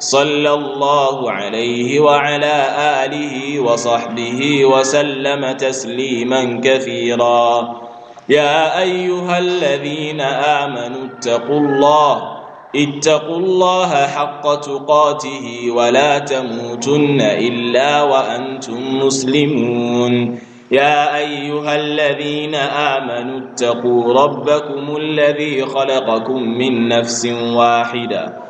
صلى الله عليه وعلى اله وصحبه وسلم تسليما كثيرا يا ايها الذين امنوا اتقوا الله اتقوا الله حق تقاته ولا تموتن الا وانتم مسلمون يا ايها الذين امنوا اتقوا ربكم الذي خلقكم من نفس واحده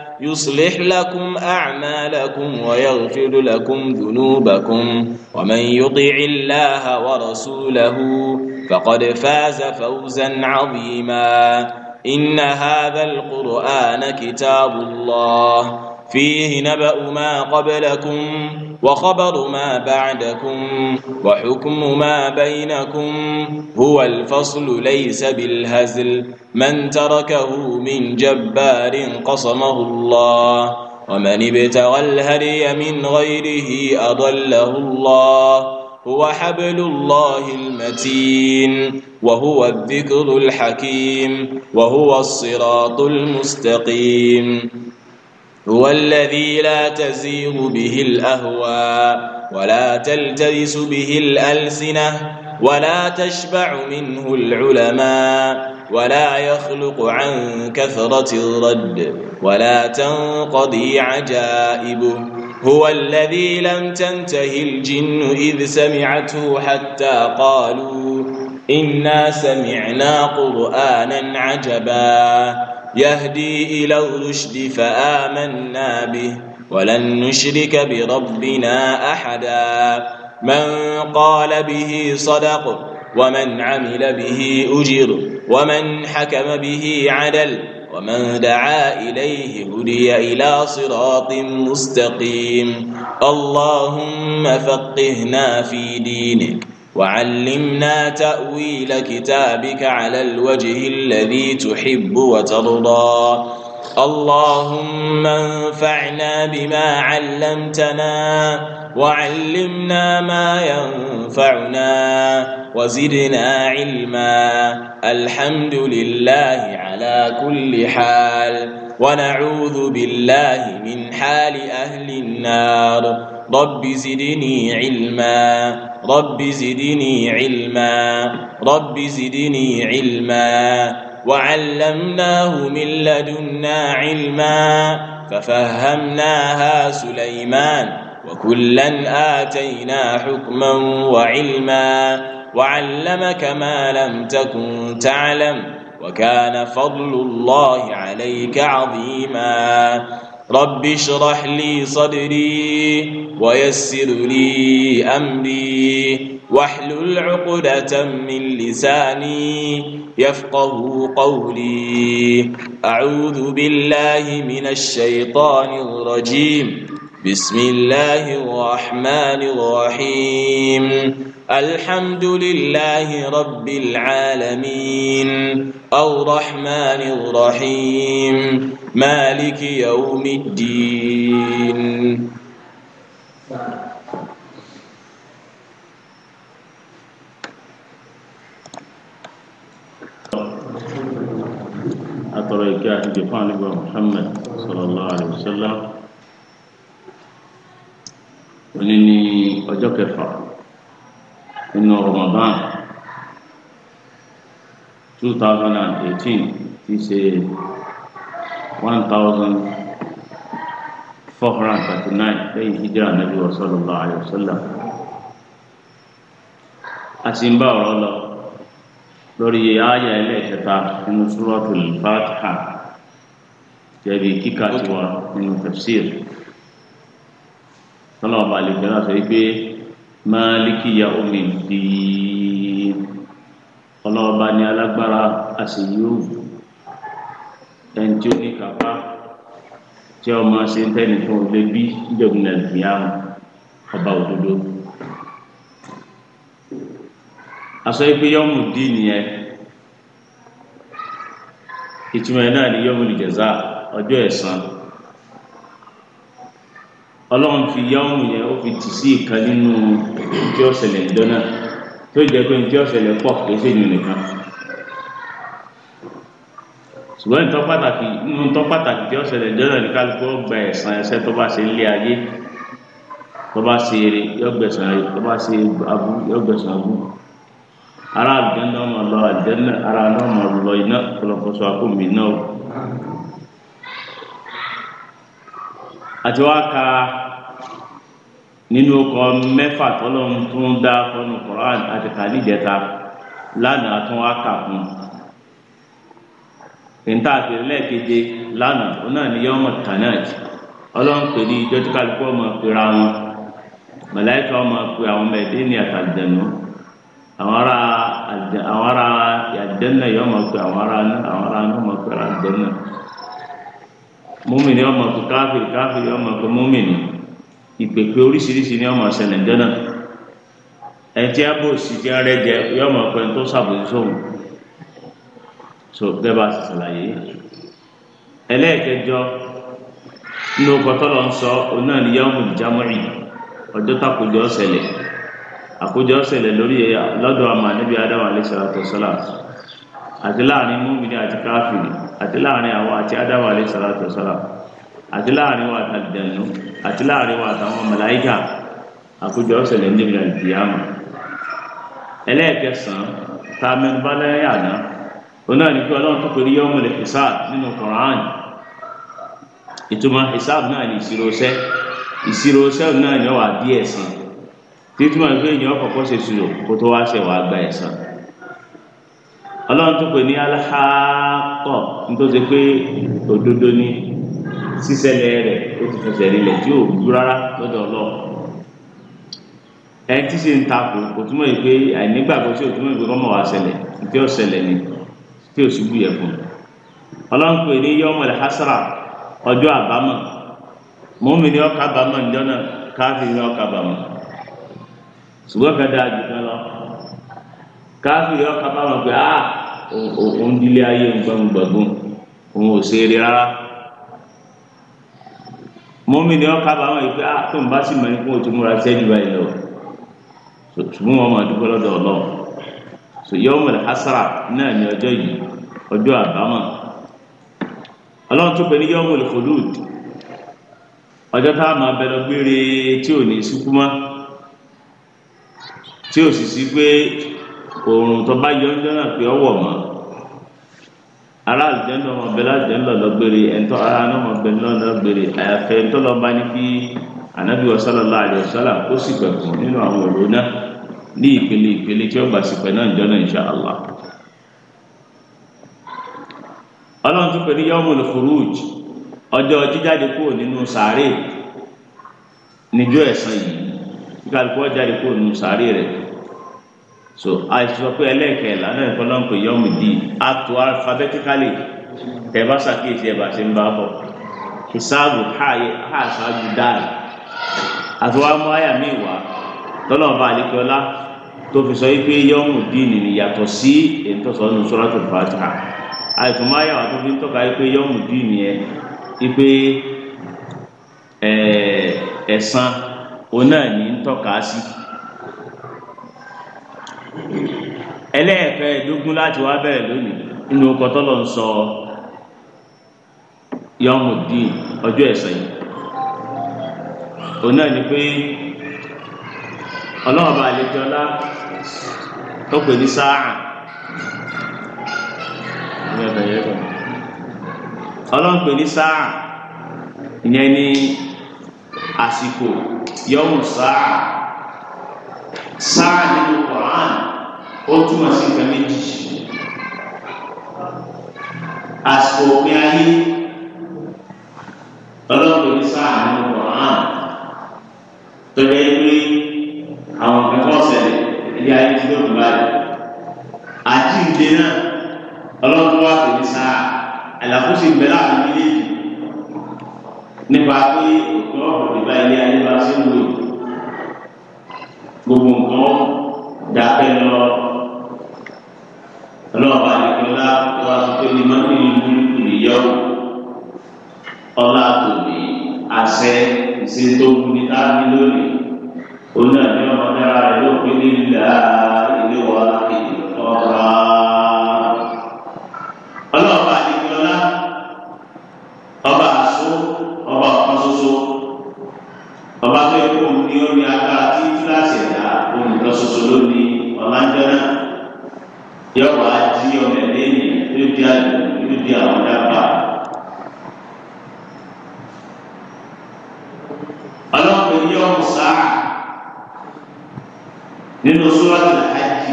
يصلح لكم أعمالكم ويغفر لكم ذنوبكم ومن يطع الله ورسوله فقد فاز فوزا عظيما إن هذا القرآن كتاب الله فيه نبأ ما قبلكم وخبر ما بعدكم وحكم ما بينكم هو الفصل ليس بالهزل من تركه من جبار قصمه الله ومن ابتغى الهدي من غيره أضله الله هو حبل الله المتين وهو الذكر الحكيم وهو الصراط المستقيم هو الذي لا تزيغ به الأهواء ولا تلتبس به الألسنة ولا تشبع منه العلماء ولا يخلق عن كثرة الرد ولا تنقضي عجائبه هو الذي لم تنته الجن إذ سمعته حتى قالوا إنا سمعنا قرآنا عجبا يهدي إلى الرشد فآمنا به ولن نشرك بربنا أحدا من قال به صدق ومن عمل به أجر ومن حكم به عدل ومن دعا إليه هدي إلى صراط مستقيم اللهم فقهنا في دينك وعلمنا تأويل كتابك على الوجه الذي تحب وترضى اللهم انفعنا بما علمتنا وعلمنا ما ينفعنا وزدنا علما الحمد لله على كل حال ونعوذ بالله من حال أهل النار رب زدني علما رب زدني علما رب زدني علما وعلمناه من لدنا علما ففهمناها سليمان وكلا آتينا حكما وعلما وعلمك ما لم تكن تعلم وكان فضل الله عليك عظيما رب اشرح لي صدري ويسر لي أمري واحلل عقدة من لساني يفقه قولي أعوذ بالله من الشيطان الرجيم بسم الله الرحمن الرحيم الحمد لله رب العالمين الرحمن الرحيم مالك يوم الدين atọrọ ike àti jẹfún àlebà Muhammad sallallahu alayhi wa sallam òní ní ọjọ́ kẹfà nínú Ramadan two thousand and eighteen ti ṣe one thousand four hundred and thirty nine lẹ́yìn hijira anabi wa sallallahu alayhi wa sallam a sì ń bá ọ̀rọ̀ lọ lórí ayé ẹlẹ́ẹ̀kẹta nínú suratul fatiha jẹ̀bi kíkà tiwa nínú tafsir tọ́lọ́ọ̀bà lè jẹ́ láti rí máàlìkì ya omi dìín ọlọ́ọ̀bà ní alágbára àṣeyí òògùn ẹni tí ó ní kápá tí ọmọ ṣe ń tẹ́ni fún ọlẹ́ bí ìjọba ìyáàmù ọba òdodo. aṣọ ìpè yọmù dín nìyẹn ìtumọ̀ náà ni yọmù nìjẹ̀zá ọjọ́ ẹ̀san ọlọ́run fi yọmù yẹn ó fi tì sí ìkan nínú tí ó ṣẹlẹ̀ ìjọ náà tó jẹ́ pé tí ó ṣẹlẹ̀ pọ̀ kì í ṣèyí nìkan ṣùgbọ́n ìtọ́ pàtàkì nínú tọ́ pàtàkì tí ó ṣẹlẹ̀ jọ́nà ní kálukú ọgbà ẹ̀sán ẹsẹ̀ tó bá ṣe lé ayé tó bá ṣe eré yọgbẹ̀sán ayé tó bá ṣe abú yọgbẹ̀sán abú ara àlùjẹ́nà ọmọ lọ àlùjẹ́nà ara náà ọmọ lọ iná ọlọ́kọ̀ọ́sọ akómi iná o. àti wá ka nínú ọkọ̀ mẹ́fà tọ́lọ́run tó ń dá kọ́nù kọ́ra àti kàlíjẹta lánàá tó wá kà fún un níta àbẹ̀rẹ̀ lẹ́ẹ̀keje lánàá òun náà ní yọmọ kanáàj ọlọ́run pè ní ìjọ tí kálukú ọmọ pera wọn màláíkà ọmọ pé àwọn ọmọ ẹ̀dẹ́ ní àtàlùjẹ̀nu àwọn ará àwọn ará àjẹ́nà yọ ọmọ pé àwọn ará àwọn ará ní ọmọ pé àjẹ́nà múmìnì ọmọ pé káfíìrì káfíìrì ọmọ pé múmìnì ìpèpè oríṣiríṣi ní ọmọ ṣẹlẹ̀ jẹ́nà ẹ̀jẹ̀ bó sì jẹ́ rẹ́jẹ yọ ọmọ pé tó ṣàbòsí sóhun so gẹ́gẹ́ bá ti ṣàlàyé ẹlẹ́ẹ̀kẹjọ nínú kọtọ́lọ́ ń sọ òun náà ní yawmul jam'i ọjọ́ tàkójọ ọ̀sẹ̀lẹ̀ àkójọ ọ̀sẹ̀lẹ̀ lórí lọ́dọ̀ àmà níbi adáwà alẹ́sàlátù sọ́là àti láàrin múmini àti káfìrì àti láàrin àwọn àti adáwà alẹ́sàlátù sọ́là àti láàrin wa àtàlìdẹ̀nu àti láàrin wa àtàwọn màláíkà àkójọ ọ̀sẹ̀lẹ̀ níbi àlìkìyàmà ẹlẹ́ẹ̀kẹsàn-án tá oní àdìpé ọlọ́run tó pè ní hisab nínú Qur'an ìtumọ̀ hisab náà ni ìṣirò iṣẹ́ náà ní ọwà bí ẹ̀sìn títúmọ̀ ìpé èèyàn kọ̀kọ́ ṣe sùúrù kó tó wá ṣe wàá gba ẹ̀san ọlọ́run tó ní ododo ni sisere rẹ̀ ó ti fẹsẹ̀ tí ò dúró rárá lọ́dọ̀ ṣe ń takò kọ́mọ̀ wá ṣẹlẹ̀ ni tí o sì wúyẹ fún un ọlọ́nkùn ní yọmọ ẹ̀ hasara ọjọ́ àbámọ̀ mọ́mí ni ọkà àbámọ̀ ǹjọ́ náà káfí ni ọkà àbámọ̀ ṣùgbọ́n kẹta àjùkọ lọ káfí ni ọkà àbámọ̀ pé a òun dílé ayé gbọ̀ngbọ̀ngbọ̀n òun ò ṣe eré rárá mọ́mí ni ọkà àbámọ̀ yìí pé a tó ń bá sì mọ̀ ní fún òtún múra sẹ́yìn báyìí lọ ṣùgbọ́n wọn mọ̀ dúpẹ́ lọ́dọ̀ ọlọ́run ṣòyọ́mọ̀ ẹ̀ hasara náà ní ọjọ́ yìí ọjọ́ àbámọ̀ ọlọ́run tó pè ní yọ́mù lùkùlùd ọjọ́ tá a máa bẹ̀rẹ̀ gbére tí ò ní sukuma tí ò sì sí pé oòrùn tó bá yọ ọjọ́ náà pé ọwọ́ mọ́ ara àlùjẹ́ńdà ọmọ bẹ̀rẹ̀ àlùjẹ́ńdà lọ́gbére ẹ̀ńtọ́ ara náà ọmọ bẹ̀rẹ̀ náà lọ́gbére àyàfẹ́ ẹ̀ńtọ́ lọ́ba ní kí anabi sallallahu alaihi wasallam kó sì pẹ̀kùn nínú àwọn òrò náà ní ìpele ìpele tí ó gbà sí pẹ̀ náà ìjọ náà insha Allah ọlọ́run tún pè ní yọ́mùl khuruj ọjọ́ jíjáde kúrò nínú sàárè níjọ́ ẹ̀san yìí kíkàlùkù ọjáde kúrò nínú sàárè rẹ̀ so àìsàn pé ẹlẹ́ẹ̀kẹ́lá náà ẹ̀kọ́ náà pè yọ́mù dì àtò alifabẹ́tíkálì tẹ̀bá sàkíyèsí ẹ̀bà sí ń bá bọ̀ ìsáàbù ha ṣáájú dáàlì àti wàá mú àyà míì wá tọ́lọ́ọ̀bá àlékiọlá tó fi sọ wípé yọ́mù dì nìyàtọ̀ sí èyí tó sọ nínú Suratul Fatiha àìsùnmáyà wà tó fi ń tọ́ka pé yọ́mù dì nìyẹn pé ẹ̀san òun náà ní ń tọ́ka sí. ẹlẹ́ẹ̀fẹ́ ìdógún láti wá bẹ̀rẹ̀ lónìí nínú ọkọ̀ tọ́lọ̀ ń sọ yọ́mù dì ọjọ́ ẹ̀san yìí òun náà ni pé ọlọ́ọ̀bà àlejò ọlá tó pè ní sáà ẹ̀bẹ̀ yẹn bọ̀ ọlọ́pẹ̀ ní sáà ìyẹn ní àsìkò yọmù sáà sáà nínú Quran ó túmọ̀ sí nǹkan méjì àsìkò òpin ayé ọlọ́pẹ̀ ní sáà nínú Quran tó yẹ pé àwọn kan kọ́ ilé ayé ti lóògùn báyìí àjíǹde náà ọlọ́run tó wá sí ní sáà àlàfo sì bẹ̀rẹ̀ àwọn ilé yìí nípa pé òkú ọ̀rọ̀ nípa ilé ayé bá sí wò yìí gbogbo nǹkan dàpẹ́ lọ ọlọ́ọ̀bà àdìgbọ́lá tó wá sí pé ní mọ́tìrì ní ìyẹ́wò ọlá tòbí àṣẹ ìṣe tó wù ní táàbí lónìí òun náà ní ọmọ dára rẹ̀ ló pé ní ìlà ọlọ́pàá ní ọmọ sáà nínú sọ́ọ́tù hajj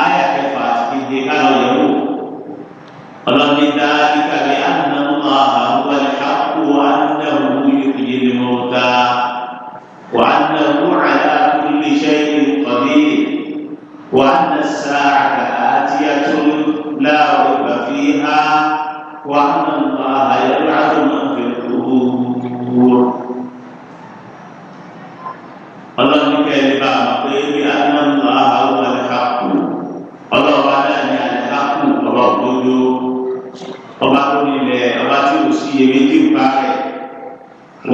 ayà kẹfà àti kéde káàlọ́ yẹn. méjì pa rẹ̀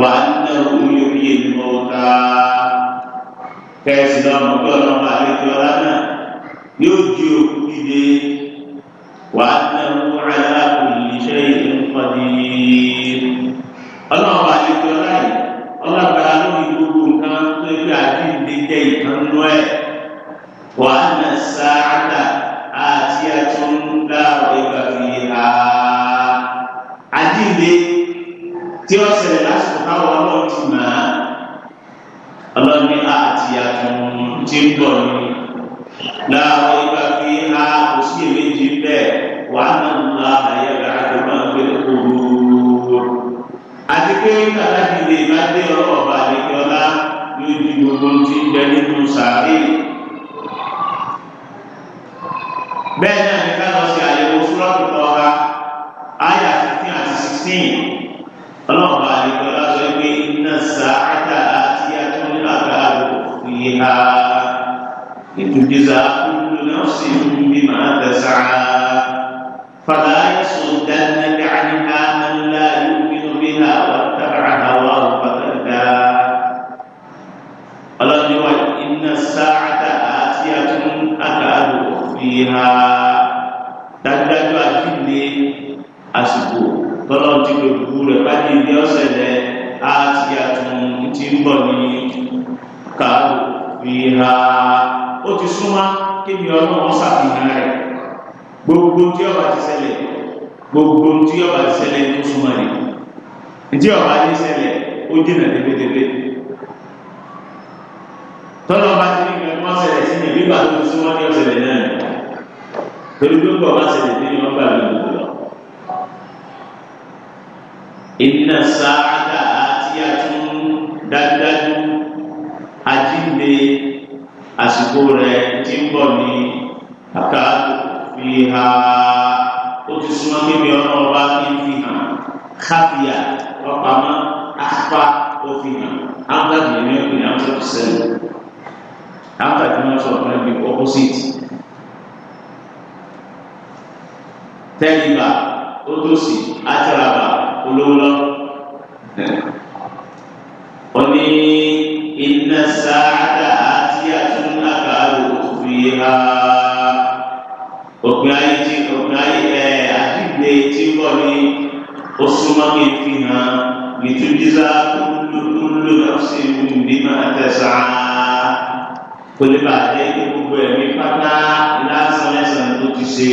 wà á nà oyè oyè nìmọ̀ ká kẹ́sì lọ́mọ bí ọlọ́mọ àlejò ọlá náà yóò di òkú dìde wà á nà owó ara kò ní ṣe ìlú kọ́ni ọlọ́mọ àlejò ọlá yìí ọlọ́gbàrá lórí gbogbo nǹkan tó ẹgbẹ́ àti ìdíjẹ́ ìtàn lọ́ẹ̀ wà á nà. tí ó ṣẹlẹ̀ lásìkò táwọn ọlọ́run ti mà á ọlọ́run ní àti àtúntò tí ń bọ̀ ni láwọn ibà fi ha kò sí èméjì bẹ́ẹ̀ wà á nà ń la àyè rárá tó máa ń gbé kúrú. àti pé kàlá ti lè má dé ọ̀rọ̀ ọ̀bà àdékọ́lá lójú gbogbo ti ń bẹ nínú sàárè. bẹ́ẹ̀ náà تجزى كل نفس بما تسعى فلا يصدنك عنها من لا يؤمن بها واتبع هواه فتردى قال إن الساعة آتية أكاد أخفيها dájúdájú àjíǹde àsìkò tọ́lọ́ ti gbogbo rẹ̀ bá di ilé ọ̀sẹ̀ lẹ̀ á ti àtún ti ń bọ̀ ní káàdùn fi ha níbi ọ̀nà wọn ṣàfihàn rẹ̀ gbogbo tí ọba ti ṣẹlẹ̀ gbogbo tí ọba ti ṣẹlẹ̀ tó súnmọ́ rẹ̀ tí ọba ti ṣẹlẹ̀ ó dènà débédébé tọ́lọ́ bá ti ní kí wọ́n ṣẹlẹ̀ sí ní nígbà tó ti súnmọ́ ní ọ̀ṣẹ̀lẹ̀ náà torí gbogbo ọba ṣẹlẹ̀ ní wọ́n gbà lóko lọ. ìnà sáà dáa tí àsìkò rẹ̀ tí ń bọ̀ ní àká fi ha ó ti súnmọ́ kébi ọ̀nà ọba kí n fi hàn káfíà ọ̀pamọ́ àpá ó fi hàn áńgá kìí ní ọ̀pìn àwọn tó ti sẹ́yìn áńgá kìí ní ọ̀sọ̀ ọ̀pìn ní opposite tẹ́lifà ó tó sì átìràbà olówó lọ ní iná sáà ha òpin ayé tí òpin ayé ẹ àdìgbé tí ń bọ̀ ní oṣù mọ́kì fi hàn nìtúndínlá kúlúkúlú lọ́sìn ní máa tẹ̀sà kólébà dé gbogbo ẹ̀mí pátá lásán lẹ́sàn tó ti ṣe.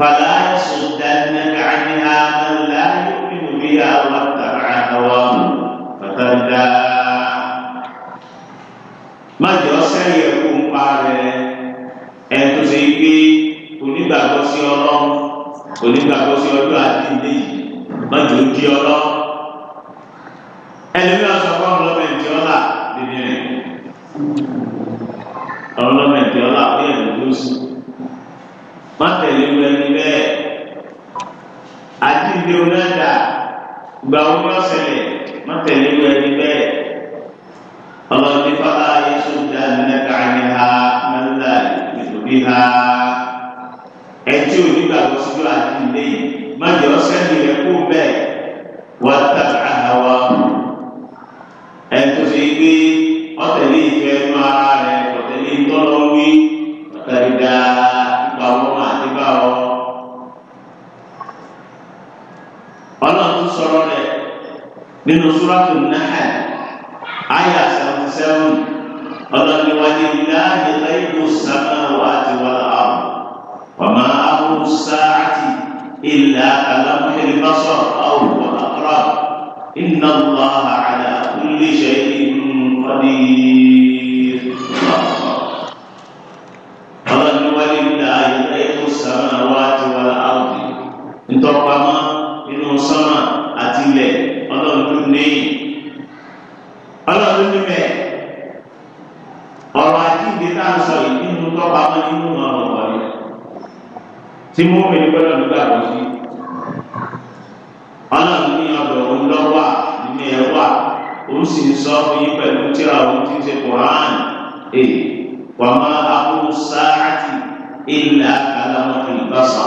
فلا يصدنك عنها من لا يؤمن بها واتبع هواه فتردى má jọ sẹ́yìn rẹ̀ ẹni tó ṣe pé onígbàgbọ́ sí ọlọ́run onígbàgbọ́ sí ọjọ́ àdínlé yìí má jò di ọlọ́ ẹni náà sọ fún ọlọ́mẹ̀ntì ọ̀la bìbí rẹ̀ ọlọ́mẹ̀ntì ọ̀la ó yẹ lóko sí má tẹ̀lé wọn ẹni bẹ́ẹ̀ àdínlé onáda gbàwó lọ́sẹ̀lẹ̀ má tẹ̀lé wọn ẹni bẹ́ẹ̀ ọlọ́mẹ̀ntì. ha ẹtí onígbàgbọ́ síjú àti ilé yìí má jẹ́ ọ́sẹ́ni rẹ̀ kó bẹ́ẹ̀ wà tàbí àhàwà ẹ̀tọ́ sí pé ọ̀tẹ̀lẹ̀ ìfẹ́ nù ara rẹ̀ ọ̀tẹ̀lẹ̀ ìtọ́lọ́ wí ọ̀tẹ̀lẹ̀dà ìgbà wọn àti bá wọn. ọlọ́run tún sọ̀rọ̀ rẹ̀ nínú súrátù Nahl àyà seventy seven ọlọ́run ni wàá ní ìlà ìlà ìlú sàmà. السماوات والأرض وما أمر الساعة إلا كلمح البصر أو هو أقرب إن الله على كل شيء قدير قال ولله بيت السماوات والأرض انتم ti ń mọ àwọn wáyé tí mo mẹ gbọ́dọ̀ nígbà tó sí Ọlọ́run ní ọ̀dọ̀ òun lọwà nínú ẹ wà òun sì ń sọ fún yín pẹ̀lú tíra òun ti ń ṣe koran ẹ wà má àbúrò sáàtì ilà alámọkì ìbáṣà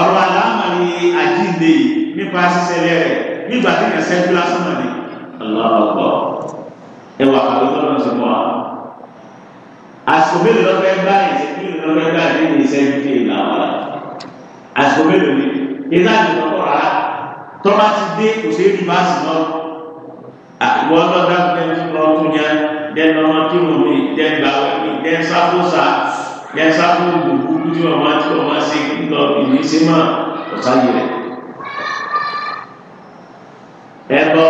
ọ̀rọ̀ àlámà ni àjíǹde yìí nípa ṣíṣẹlẹ̀ rẹ̀ nígbà tí kẹsẹ gíláṣí mọ ni ọlọ́rọ̀ ẹwà kàlókọlọ àsìkò mélòó lọ́fẹ́ gbá ìṣẹ́jú lọ́fẹ́ gbá nínú ìṣẹ́jú tí ìlà wà àsìkò mélòó ni ìlà ìdọ̀kọ̀ rà tọ́ba ti dé kò sí èdè bá sì lọ àwọn ọlọ́dà bẹ́ẹ̀ lọ tún yá dẹ́n lọ́mọ tí mo mi dẹ́n gbà wẹ́mi dẹ́n sáfóṣà dẹ́n sáfóògùn kúkú tí wọ́n máa tí wọ́n máa ṣe lọ ìlú sí mọ́ ọ̀sáyé rẹ̀ ẹ̀bọ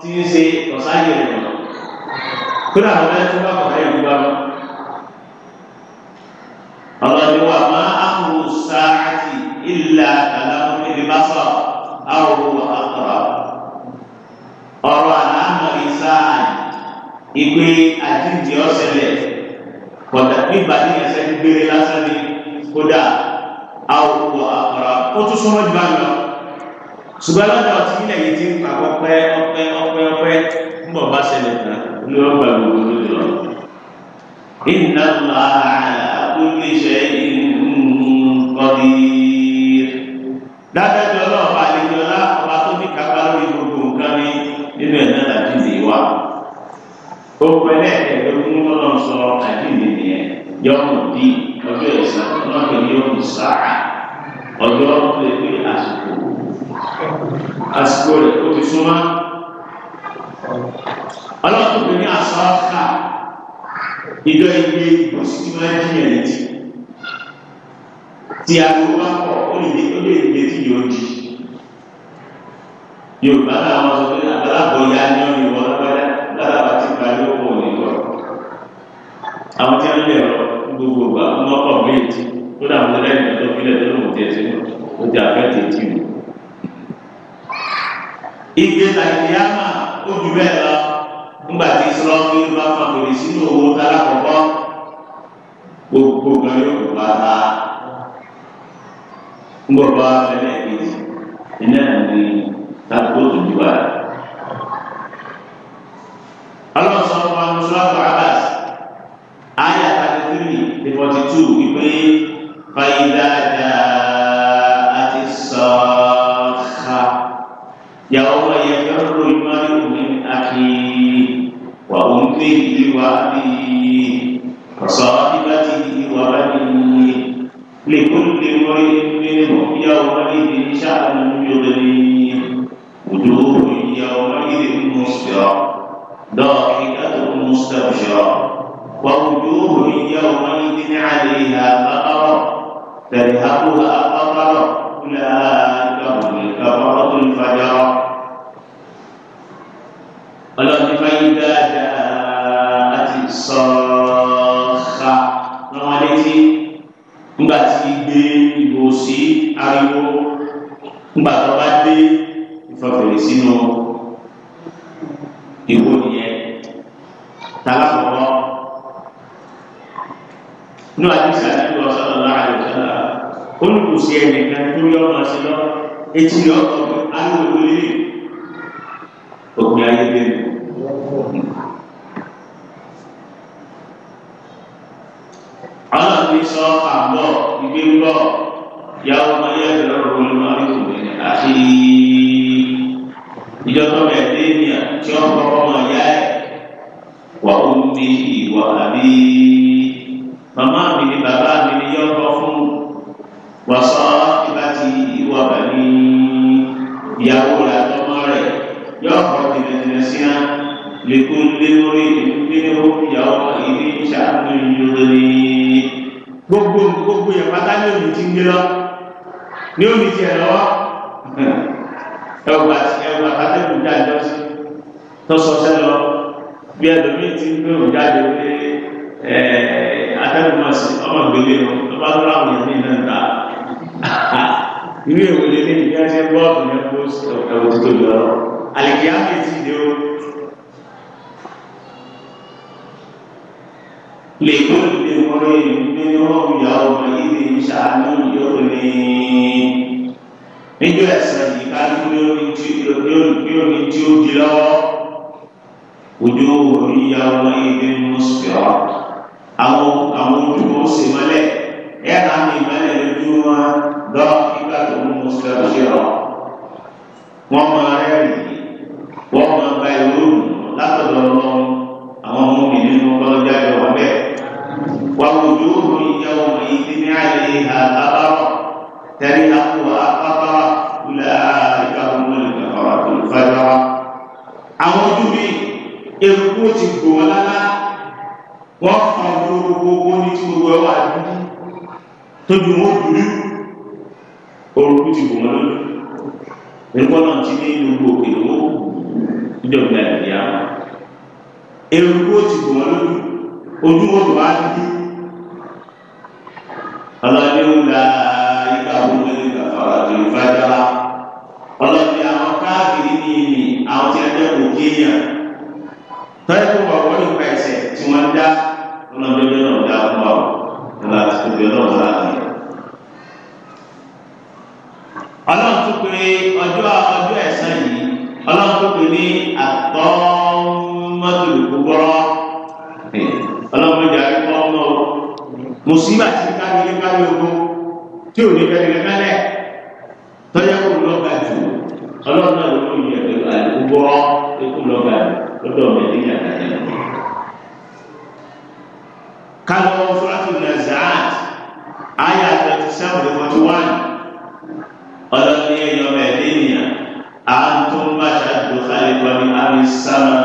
tí ń ṣe ọ̀sáyé rẹ̀ lọ kódà àwọn ẹ̀ṣọ́ bá kọ̀ọ̀kan yẹn gbogbo àwọn ọlọ́ni wa máa ahùn sáàtì ìlà kàlámù ìdìbásọ̀ àwòrán àkọ́rọ̀ ọ̀rọ̀ àlámọ̀ ìsáà ìpè àjíǹde ọ̀sẹ̀lẹ̀ kọ̀dà nígbà tí ẹsẹ̀ ń gbére lásán ni kódà àwòrán àkọ́rọ̀ ó tún súnmọ́ jù bá lọ ṣùgbọ́n lọ́dọ̀ ọtí nílẹ̀ yìí ti ń pa ọpẹ́ ọpẹ́ ọpẹ́ ọpẹ́ ń bọ̀ bá ṣẹlẹ̀ tán ní ọgbà gbogbo lórí lọ. كل شيء Qadir. dájọ́ ọlọ́run bá lè yọ ọlá ọba tó ní kápá lórí gbogbo nǹkan ní nínú ẹ̀ náà láti lè wà. ó pẹ́lẹ́ ẹ̀ẹ́dógún lọ́nà sọ àdínì nìyẹn yọ̀ọ̀mù dí ọjọ́ ẹ̀sán ọlọ́run ní yọ̀ọ̀mù sáà ọjọ́ lè pé àsìkò àsìkò rẹ̀ ó ti súnmọ́. ọlọ́run tó ní àsọ́ọ̀ká ìjọ ìgbé ìbòsí ti máa ń jiyàn létí tí a tó bá pọ̀ ó lè dé ó lè dé tí yóò jì yorùbá làwọn sọ pé alábọ̀yá ni wọ́n ní wọ́n lábàdá lábàbà ti gba yóò pọ̀ ní ìwọ̀ àwọn tí wọ́n lè rọ gbogbo gbà wọ́n pọ̀ méjì ó dà wọ́n lẹ́yìn tó kílẹ̀ tó lòun tẹ̀ sí wọn ó ti àfẹ́ tẹ̀ tì ìgbésà ìyá ó ju bẹ́ẹ̀ lọ nígbà tí sọlọ́ọ̀kì bá fà bèrè sínú owó tálá kọ̀kọ́ gbogbo kan yóò kó bá ta ńgbọ̀ bá fẹ́lẹ́ kejì iná ní tàbí tó ju wa. alonso wa musulatu abbas aya three forty two wípé fayidá وأبيه وصاحبته وبنيه لكل امرئ منهم يومئذ شأن يغنيه وجوه يومئذ مسفرة ضاحكة مستبشرة ووجوه يومئذ عليها غبرة ترهقها قطرة أولئك ńgbà tó bá dé ìfọ̀fẹ̀rẹ̀ sínú ìwọ nìyẹn tàlàkọ̀ọ́ ní àdìsí àdìsí ọ̀sán ọ̀la àdìsí olùkùsí ẹnìkan tó yọ ọmọ sí lọ etí ni ọkọ alùpùpù lélẹ òpin ayé lẹ́nu. ọlọ́run ti sọ àbọ̀ ìgbé ń bọ̀ yàwó ọmọ yẹn lọ́rùn olùmọ̀ọ́lù. الحكيم ìjọba rẹ̀ lẹ́yìn àti ọkọ̀ ọmọ ìyá ẹ̀ wà ó mi ìwà àbí màmá mi ni bàbá mi ni yọ̀ọ̀kọ̀ fún wà sọ ìbá ti ìwà bàbí ìyàwó rẹ̀ àtọmọ rẹ̀ yọ̀ọ̀kọ̀ tìrẹ̀tìrẹ̀ gbogbo gbogbo yẹn pátá ní omi ti ń gbé lọ ní omi ti ẹ̀ lọ́wọ́ ẹwà ẹwà àtẹkùn jáde ọsẹ tọsọsẹ lọ bí ẹlòmíì ti ń gbé òjáde pé ẹ àtẹkùn máa sì lọ lọba tó láwọn yẹn ní ìlànà ta ìwé ìwòlé ní ìdí ẹsẹ bọọlù yẹn kó ẹwọ tó tóbi lọ àlèkìá mi ti dé o. لكل امرئ منهم يومئذ شأن يغنيه níjọ́ ẹ̀sán yìí kájú ní omi tí ní omi tí ó di lọ́wọ́ ojú orí ya ọmọ ibi mọ́sùlùmí àwọn àwọn ojú wọn sì mọ́lẹ̀ ẹ̀ ká mi mọ́lẹ̀ lójú wọn lọ nígbà tó mú mọ́sùlùmí ṣe rọ̀ wọ́n máa rẹ́rìn wọ́n máa gba ìròyìn látọ̀dọ̀ ọlọ́run àwọn ọmọ mi nínú ọlọ́run jáde wà bẹ́ẹ̀ wọ́n ojú orí ya ọmọ ibi ní àyè àbárọ̀ tẹ́lẹ̀ náà. wọ́n fa olóró gbogbo ní tí gbogbo ẹwà dúdú tóbi wọn dúdú orúkú ti bò wọn lónìí nígbà náà ti ní gbogbo òkè owó ìjọba ìyá eruku ti bò wọn lónìí ojú wọn tó wá dúdú ọlọ́dún wúlá ìgbà wọn lónìí bàbá ọ̀dọ̀ ìfájà ọlọ́dún àwọn káàkiri ní ìní àwọn tí a jẹ́ òkè yẹn tẹ́lẹ̀ wà wọ́n ọlọ́dọ́dọ́ náà dá fún wa o ìlà àti ìbẹ̀rẹ̀ náà wà láàyè. ọlọ́run tó pe ọjọ́ ọjọ́ ẹ̀san yìí ọlọ́run tó pe ní àtọ́ mọ́tòlù gbogbooro ọlọ́run tó jà kọ́ ọmọ o mùsùlùmí àti kábílẹ̀ kábílẹ̀ ogun tí ò ní bẹ̀rẹ̀ mẹ́lẹ̀ tọ́jà kò lọ́gà jù ọlọ́run náà ló ń yẹ gbogbooro kó lọ́gà lọ́dọ̀ mẹ́lẹ̀ yàtọ̀ yàtọ̀. kálọ̀ fúlàtù nazaat ayé àtẹ̀tù sẹ́wọ̀n ìfọ̀tù wán ọlọ́ni ẹ̀yọ́ mẹ́ẹ̀ẹ́dẹ́nìyà àtúntò máṣáàtò kálíkọ́ ní àmì sábà.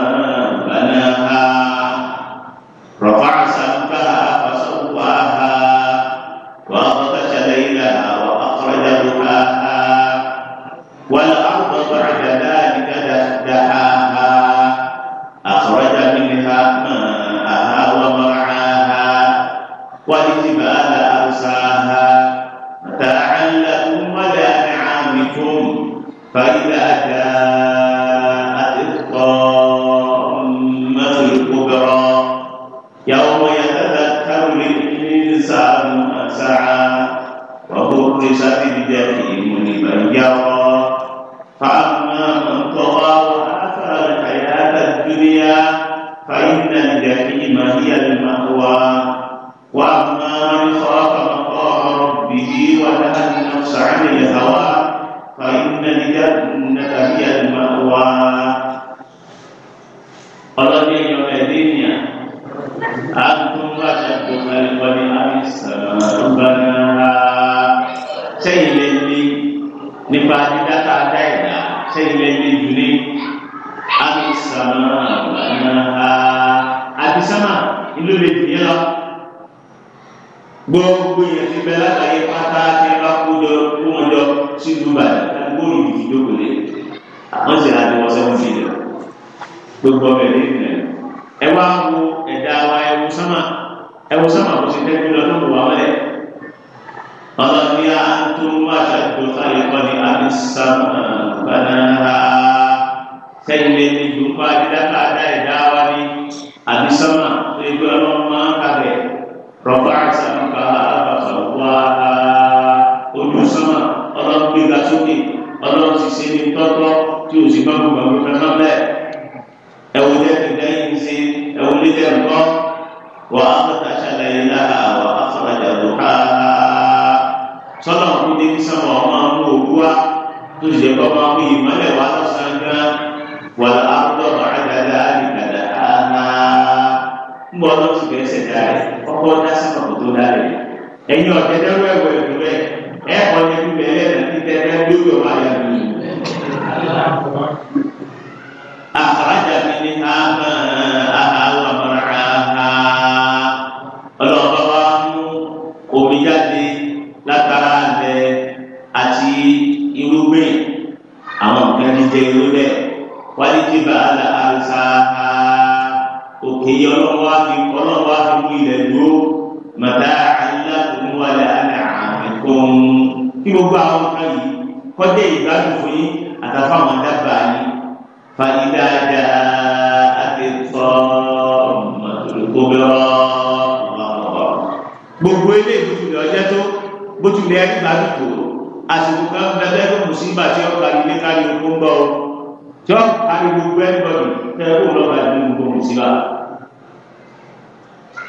mùsíbà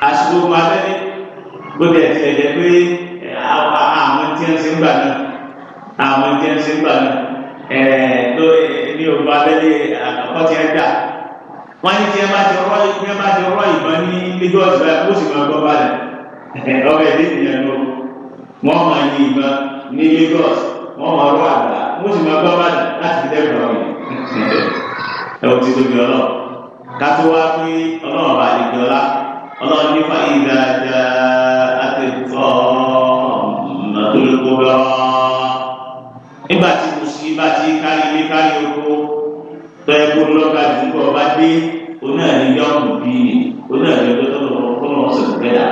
àsìkò màtẹ́ni gbọ́dọ̀ ẹ̀tì ẹ̀jẹ̀ pé àwọn tí wọ́n ti ń gbà náà àwọn tí wọ́n ti ń gbà náà ẹ̀ẹ́dọ́ ní ogun abẹ́lé àkọ́kọ́ tí wọ́n dà wọ́n ní tí wọ́n bá ti rọ́ tí wọ́n bá ti rọ́ ìbọn ní lẹ́jọ́ ọ̀sẹ̀ báyìí ó sì máa gbọ́ balẹ̀ ọbẹ̀ ẹ̀dẹ́ ìyẹn lọ wọ́n máa ní ìbọn ní Lagos wọ́n máa rọ́ àgbà wọ́n sì máa gbọ́ balẹ̀ láti fi dẹ́kun ọ̀rọ̀ yìí ẹ̀ ọ́ ti tóbi ọlọ́ọ̀ kátó wá pé ọlọ́run bá lè jọlá ọlọ́run nípa ìgbà àjà àtẹ̀tọ́ ọ̀nàdúrógbó lọ. nígbà tí mo sì bá ti kárí ilé kárí oko tọ́ ẹ kó lọ́ka jù kọ́ ọba dé oní àníyá ọ̀hún bí i oní àníyá ọjọ́ tó lọ́wọ́ tó lọ́wọ́ sọ̀rọ̀ kẹ́dà.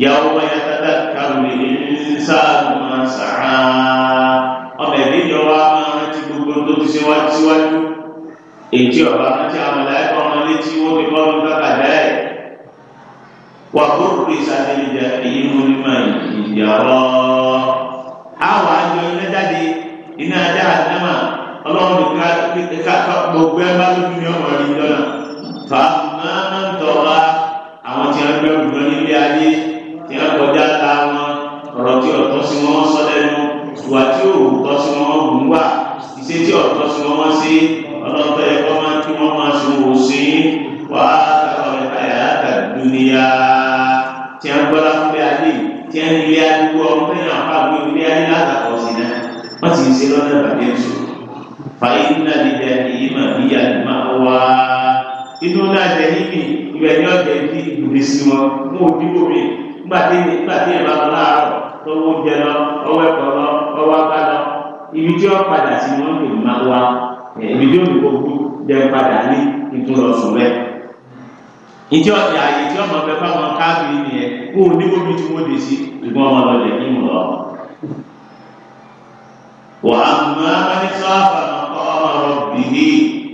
ìyàwó wa yàtọ̀ dákàrú lè ní sáà máa sàrà ọmọ ẹ̀mí ìjọba máa rántí gbogbo tó ti ṣe wájú síwájú ètí ọba rántí àwọn ẹlẹ́kọ̀ọ́ ọmọ létí wọ́n fi kọ́ ọdún bàbá bẹ́ẹ̀ wà kúrúkú ìsàfihàn èyí mú ní mà ìyàrá àwọn àjọ iná jáde iná ajá àdámà ọlọ́run ká gbogbo ẹ bá lójú ní ọmọ rí lọ́nà fa máa ń tọ́ra àwọn tí wọ́n gbé òkúta nílé ayé tí wọ́n kọjá ta wọn ọ̀rọ̀ tí ọ̀tọ́ sí wọn sọ lẹ́nu ìwà tí òòtọ́ sí wọn wù wá ìṣe tí ọ̀tọ́ sí wọn wọ́n ṣe é ọlọ́pàá ẹ̀kọ́ máa kí wọ́n máa ṣòwò sí wà á kàwé àyàkà dúníyà tí a ń gbọ́dá fún bí adé tí a ń lé àdúgbò ọmọ ẹ̀yìn àpá àgbé ilé ayé látàkọ̀ sí náà wọ́n ti ṣe lọ́nà ìbàdí ẹ̀ṣọ́ fàyín náà lè jẹ èyí máa bí àdé máa wá inú náà jẹ níbi ìwẹ̀ ní ọ̀jẹ̀ bí ìbùdó sí wọn mú òdìbò mi nígbà ẹ̀ bá láàárọ̀ tọwọ́ jẹ lọ ọwọ́ ẹ̀kọ́ mílíọ̀nù gbogbo jẹ́ padà ní ìtúlọ̀sùn rẹ̀ ìjọ ìyá ìjọ ọmọ bẹ fáwọn káàbì nìyẹn kó o níwó bí tí wọ́n lè sí ìgbọ́n ọmọ lọ lẹ̀ nínú lọ. wà á mú abánisọ àfàmọ́kọ́ ọ̀rọ̀ bìbí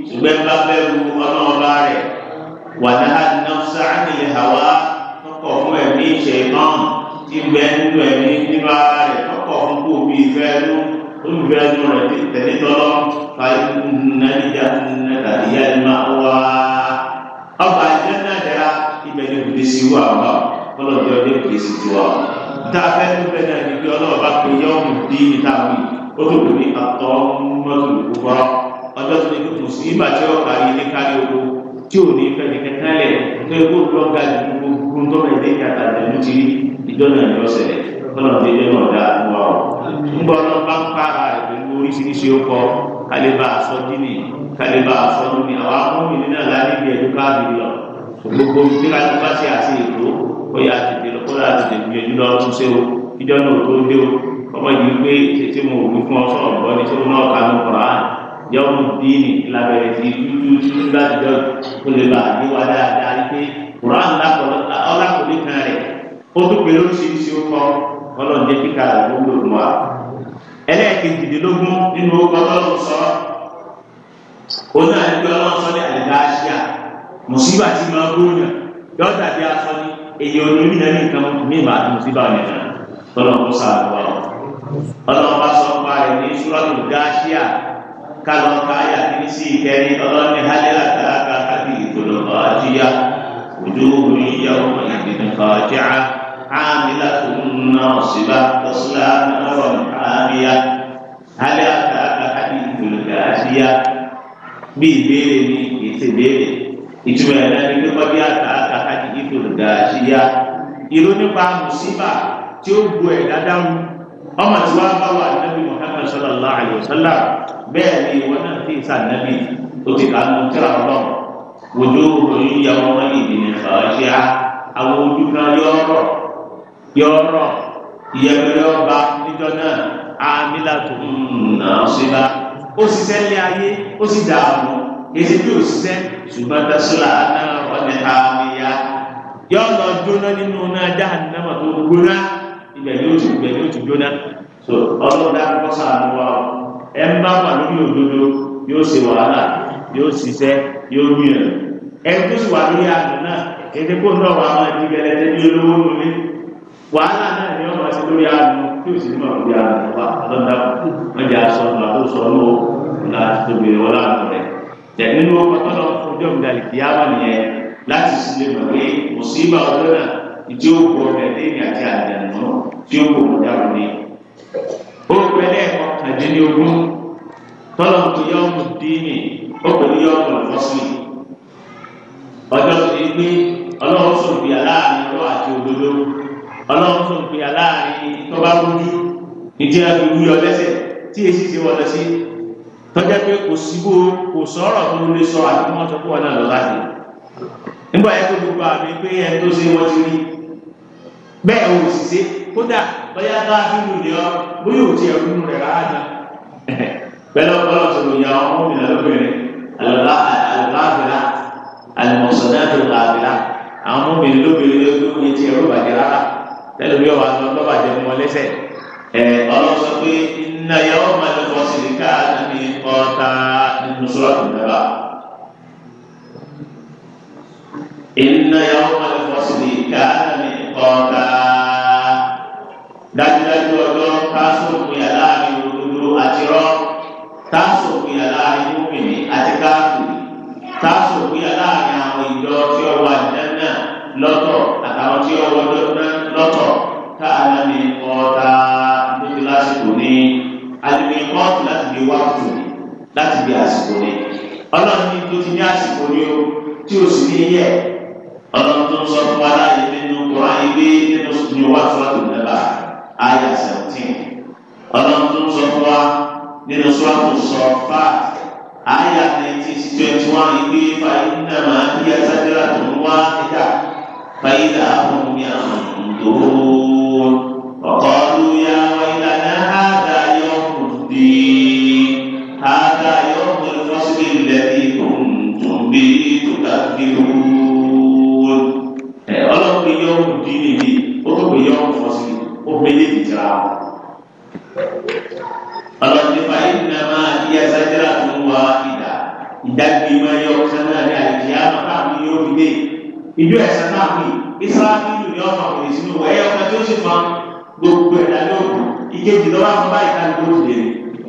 ṣùgbọ́n bá bẹ̀rù ọlọ́ọ̀bá rẹ̀ wà náà nọ́ọ̀sì ànìyẹ hàwá tọkọ̀ fún ẹ̀mí ìṣẹ̀ náà ti bẹ́ẹ̀ nínú ẹ̀mí nínú ara rẹ̀ tọkọ̀ fún kò bí ìfẹ́ nù olùgbé ẹnu rẹ̀ tẹ̀lé tọ́lọ́ fàáyé nàìjíríà nàìjíríà ìmọ̀ wá. ọba ìjẹ́ náà dára ibẹ̀ ni òde sí wà wá ọlọ́dẹ ọdẹ òde sí ti tá a fẹ́ tó bẹ́ẹ̀ náà ni pé ọlọ́wọ́ bá pe yọ́ọ̀mù dí ní táwọn ó tó kù ní àtọ́ mọ́tò gbogbo ọjọ́ tó ní kó kù sí ìgbà tí ó kárí ní kárí oko tí ò ní fẹ́ ní kẹtẹ́lẹ̀ tó ikú lọ́gà ní gbogbo gbogbo tó bẹ̀ kọ́lọ̀ ti dé náà dáa fún wa o. ń gbọ́ lọ bá ń para rẹ̀ pẹ̀lú oríṣiríṣi ọkọ̀ kálíbà aṣọ dínì kálíbà aṣọ dínì àwọn akọ́mi nínú àlá níbi ẹ̀dùn káàbì lọ. gbogbo bí ká ló bá ṣe àti ètò ó yà tètè lọ kọ́lá tètè gbìyànjú lọ tún ṣe o ìjọ náà tó dé o ọmọ yìí pé tètè mo wù fún ọ sọ̀rọ̀ bọ́ ní sọ́wọ́n náà kà ló kọ̀ọ̀ án yọ̀wù dínì làbẹ̀rẹ̀ sí ó tún lóríṣiríṣi ó kọ́ kọ́lọ́ jẹ́ kíkà rẹ̀ ló lò wá. ẹlẹ́ẹ̀kejìdínlógún nínú orúkọ ọlọ́run sọ oní àdúgbò ọlọ́run sọ ní àdìgbà àṣìyà mùsíbà tí máa gbóyàn yọ dàbí aṣọ ní èyí onímì náà ní nǹkan mí máa tó mùsíbà nìkan kọ́lọ́ kó sàlùwà ọlọ́run bá sọ pa rẹ̀ ní sùrọ̀tù gáṣíà kálọ̀ káyà kìí sí ìkẹrin ọlọ́ni hálẹ́lá kàlákà kábíyì tó عاملة ناصبة تصلى نارا حامية هل أتاك حديث الغاشية بيبيري ìtìbéèrè ìtumọ̀ ẹ̀rọ ẹni pé kọ́bí àtàkà káàdì ìdòrò gàṣíyá ìró nípa mùsíbà tí ó bu ẹ̀dá dáhùn ọmọ tí wàá bá wà nábì Muhammad sallallahu alayhi wa sallam bẹ́ẹ̀ ni ìwọ náà ti sà nábì ó ti kà ń tẹ́ra ọlọ́run wòjó oyún yà wọ́n mọ́ ìdìní kàṣíyá àwọn ojú kan yọ ọ̀rọ̀ yọrọ ìyẹ̀wò ọba níjọ náà àmìlà tó náà síba ó ṣiṣẹ́ ní ayé ó sì dààmú èsì bí ó ṣiṣẹ́ ṣùgbọ́n tẹ́sílà náà ọ̀nà àmìyá yóò lọ jóná nínú náà jahannama tó gbóná ibẹ̀ yóò tún ibẹ̀ yóò tún jóná so ọlọ́dà kọ́sà àdúrà ọ ẹ ń bá wà lórí òdodo yóò ṣe wàhálà yóò ṣiṣẹ́ yóò gbìyànjú ẹ tó sì wà lórí àdùn náà ètò kó ń lọ wà máa di gẹlẹ́dẹ́ ní olówó lórí wàhálà náà ni wọ́n máa ṣe lórí àánú tí ò sì ní màá bí àánú wa lọ́dà wọ́n jẹ́ aṣọ ọ̀nà tó sọ ọ́nà ọ̀nà tóbi rẹ̀ wọ́n láàánú rẹ̀ tẹ̀ nínú ọmọ tó lọ fọjọ́ ìdàlì kìyàmá nìyẹn láti sílé mọ̀ pé mùsùlùmí àwọn ọ̀dọ́ náà ìdí òkú ọmọ ẹ̀dẹ́yìn àti àdánù náà tí ó kò wọ́n dàrú ní. ó pẹ́lẹ́ ọ̀kàndínlógún tọ́lọ̀ tó ní ọmọ ìfọ́sìn tó yẹ pé ọlọ́run sọ̀rọ̀ bí aláàánú àti òdodo ọlọ́run tó ń pè aláàárín tó bá rújú ìdí ẹgbẹ́ wúyọ lẹ́sẹ̀ tí èsì ti wọlé sí tọ́jà pé kò síbò kò sọ̀rọ̀ tó lè sọ àti wọ́n sọ pé wọn náà lọ láti nígbà yẹn tó gbogbo àmì pé ẹni tó o sì ṣe kódà bóyá bá nínú ni ọ bóyá ò ti ẹ̀rú rẹ̀ rárá ni pẹ̀lú ọpọlọ tó lòyà ọmọ mi náà lóbìnrin àlọ́lá àbílá àlùmọ̀sọ̀dá tó àbílá àwọn ọmọ mi lóbìnrin ló ń ti ẹ̀rú bàjẹ́ rárá lẹ́nu bí ọba tó lọ́ba jẹ mọ́ lẹ́sẹ̀ ẹ̀ ọlọ́sọ pé iná yà ó máa lọ́kọ́ sílíkà níbi ọ̀tá nínú sọ́rọ̀ ìdára iná yà ó máa lọ́kọ́ sílíkà níbi ọ̀tá dájúdájú ọjọ́ káṣókùn yàrá mi òdodo àti rọ́ káṣókùn yàrá inú mi àti káàkù káṣókùn yàrá àwọn ìjọ tí ó wà náà lọ́tọ̀ àtàwọn tí ó wọ́n náà lọ́tọ̀ ká alami kọ́ta lójú lásìkò ní alimi kọ́ọ̀tù láti di wákùtù láti di àsìkò ní ọlọ́run ní tó ti ní àsìkò ní o tí o sì ní yẹ ọlọ́run tó ń sọ fún wa láàyè nínú kọ́ra ilé nínú sùnjú wá sọ́ọ̀tù nẹ́bà ayé seventeen ọlọ́run tó ń sọ fún wa nínú sọ́ọ̀tù sọ́ọ̀fà ayé nineteen twenty one ilé fàyín náà máa ń yẹ sájúra tó ń wá níta. فإذا هم ينظرون وقالوا يا ìlú ẹ̀sán náà wí israẹli ni ọmọ òkè sínú wọ ẹyẹ ọmọ tí ó sì mọ gbogbo ẹ̀dá lóògùn ìkejì lọ́wọ́ àwọn báyìí ká ló lè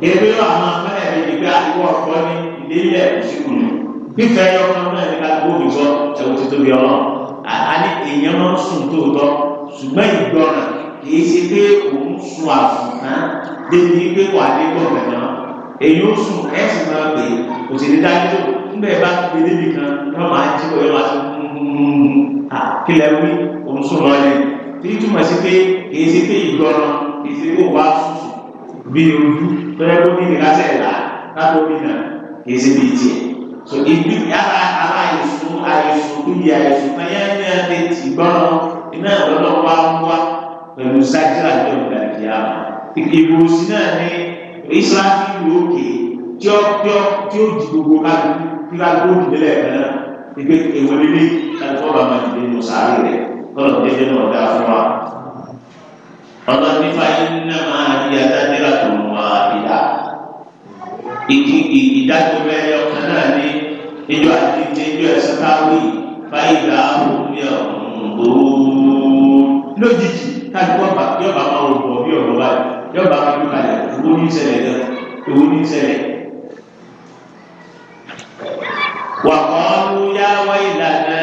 ebe àwọn mẹ́rẹ̀ mi nígbà ìwọ ọ̀fọ́ ní ìdílé ìṣubú ni fífẹ́ ẹyọ ọmọ náà nígbà gbòmí sọ ṣẹ̀wọ́n ti tóbi ọlọ́ àní èèyàn máa ń sùn tóòtọ́ ṣùgbọ́n ìgbọràn kìí ṣe pé òun sun àfùnán débi pé wà á gbọ̀ngàn náà èyí ó sùn ẹ̀sìn náà pé kò sì ní dájú tó ńgbẹ́ bá gbé débi kan yóò máa jí wọ́n yóò máa tó hmm, hmm, hmm, kílẹ̀ wí òun sùn lọ ni èyí túmọ̀ sí pé èyí sí pé ìgbọràn èyí sí pé òun wá sùn bí ojú tọ́jà tó ní ìrásẹ̀ là látọ̀ bí nà èyí sí bí tiẹ̀ so ibi ara ara ìsùn àìsùn ibi àìsùn náà yẹn ní ẹni tì gbọràn iná ìrọ̀lọ́ wá wá pẹ̀lú sájìlá ní ọ̀gá ìyá ìbò sí náà ní ìsìlámù ìlú òkè tí ó tí ó tí ó di gbogbo kájú kí ká tó dìde lẹ́ẹ̀kan náà ìgbé èwe nílé láti fọ́ bàmà dìde nù sáré rẹ̀ kọ́lọ̀ déédéé náà dá fún wa. ọ̀dọ́ nípa iná máa di adájọ́ra tó mú wa ìdá. ìdí ìdájọ́ mẹ́rin ọkàn náà ní ìjọ àti ìjẹ́jọ́ ẹ̀sán táwí fáyidà òmìnira òmùgbòó. lójijì káàdì wọ́n bá yọ̀bá máa wọ̀ bí ọ̀rọ̀ báyìí yọ̀bá máa dúkàlẹ̀ ìwọ ní ìṣẹ̀lẹ̀ wà kọ́ wúyá wá ìlànà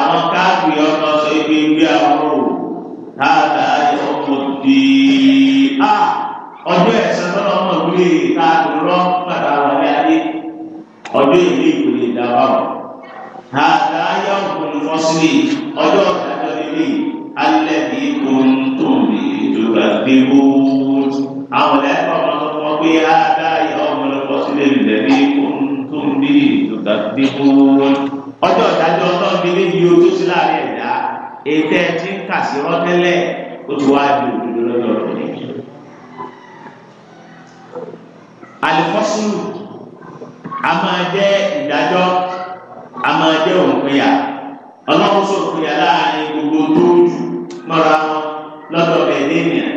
àwọn káàbì ọmọ sọ ibi ìwé àwọn o káàbà ọmọ di a ah, ọjọ́ ẹ̀sán tọ́lọ́ ọmọ ìwé káàbì rọ́ padà wà ní ayé ọjọ́ ìwé ìpele ìdáwà o káàbà ayé ọmọ ìfọ́sílẹ̀ ọjọ́ ìdájọ́ ilé alẹ́ bí kò ń tó lè jọba gbé wó àwọn ẹ̀kọ́ ọmọ tó wọ́n gbé ádá ìyá ọmọ ìfọ́sílẹ̀ ìdẹ́bí kò ń bí ìtòkà bí fún ọjọ́ ìdájọ́ ọlọ́run ní méjì yóò tó sí láàrin ẹ̀dá ètè tí ń kà sí rọ́tẹ́lẹ̀ ó ti wá di òdodo lọ́dọ̀ rẹ̀. àlùfọ́sùlù a máa jẹ́ ìdájọ́ a máa jẹ́ òǹpẹ̀yà ọlọ́run sọ̀rọ̀ láàrin gbogbo tó jù mọ́ra wọn lọ́dọ̀ ẹ̀dẹ́nìyàn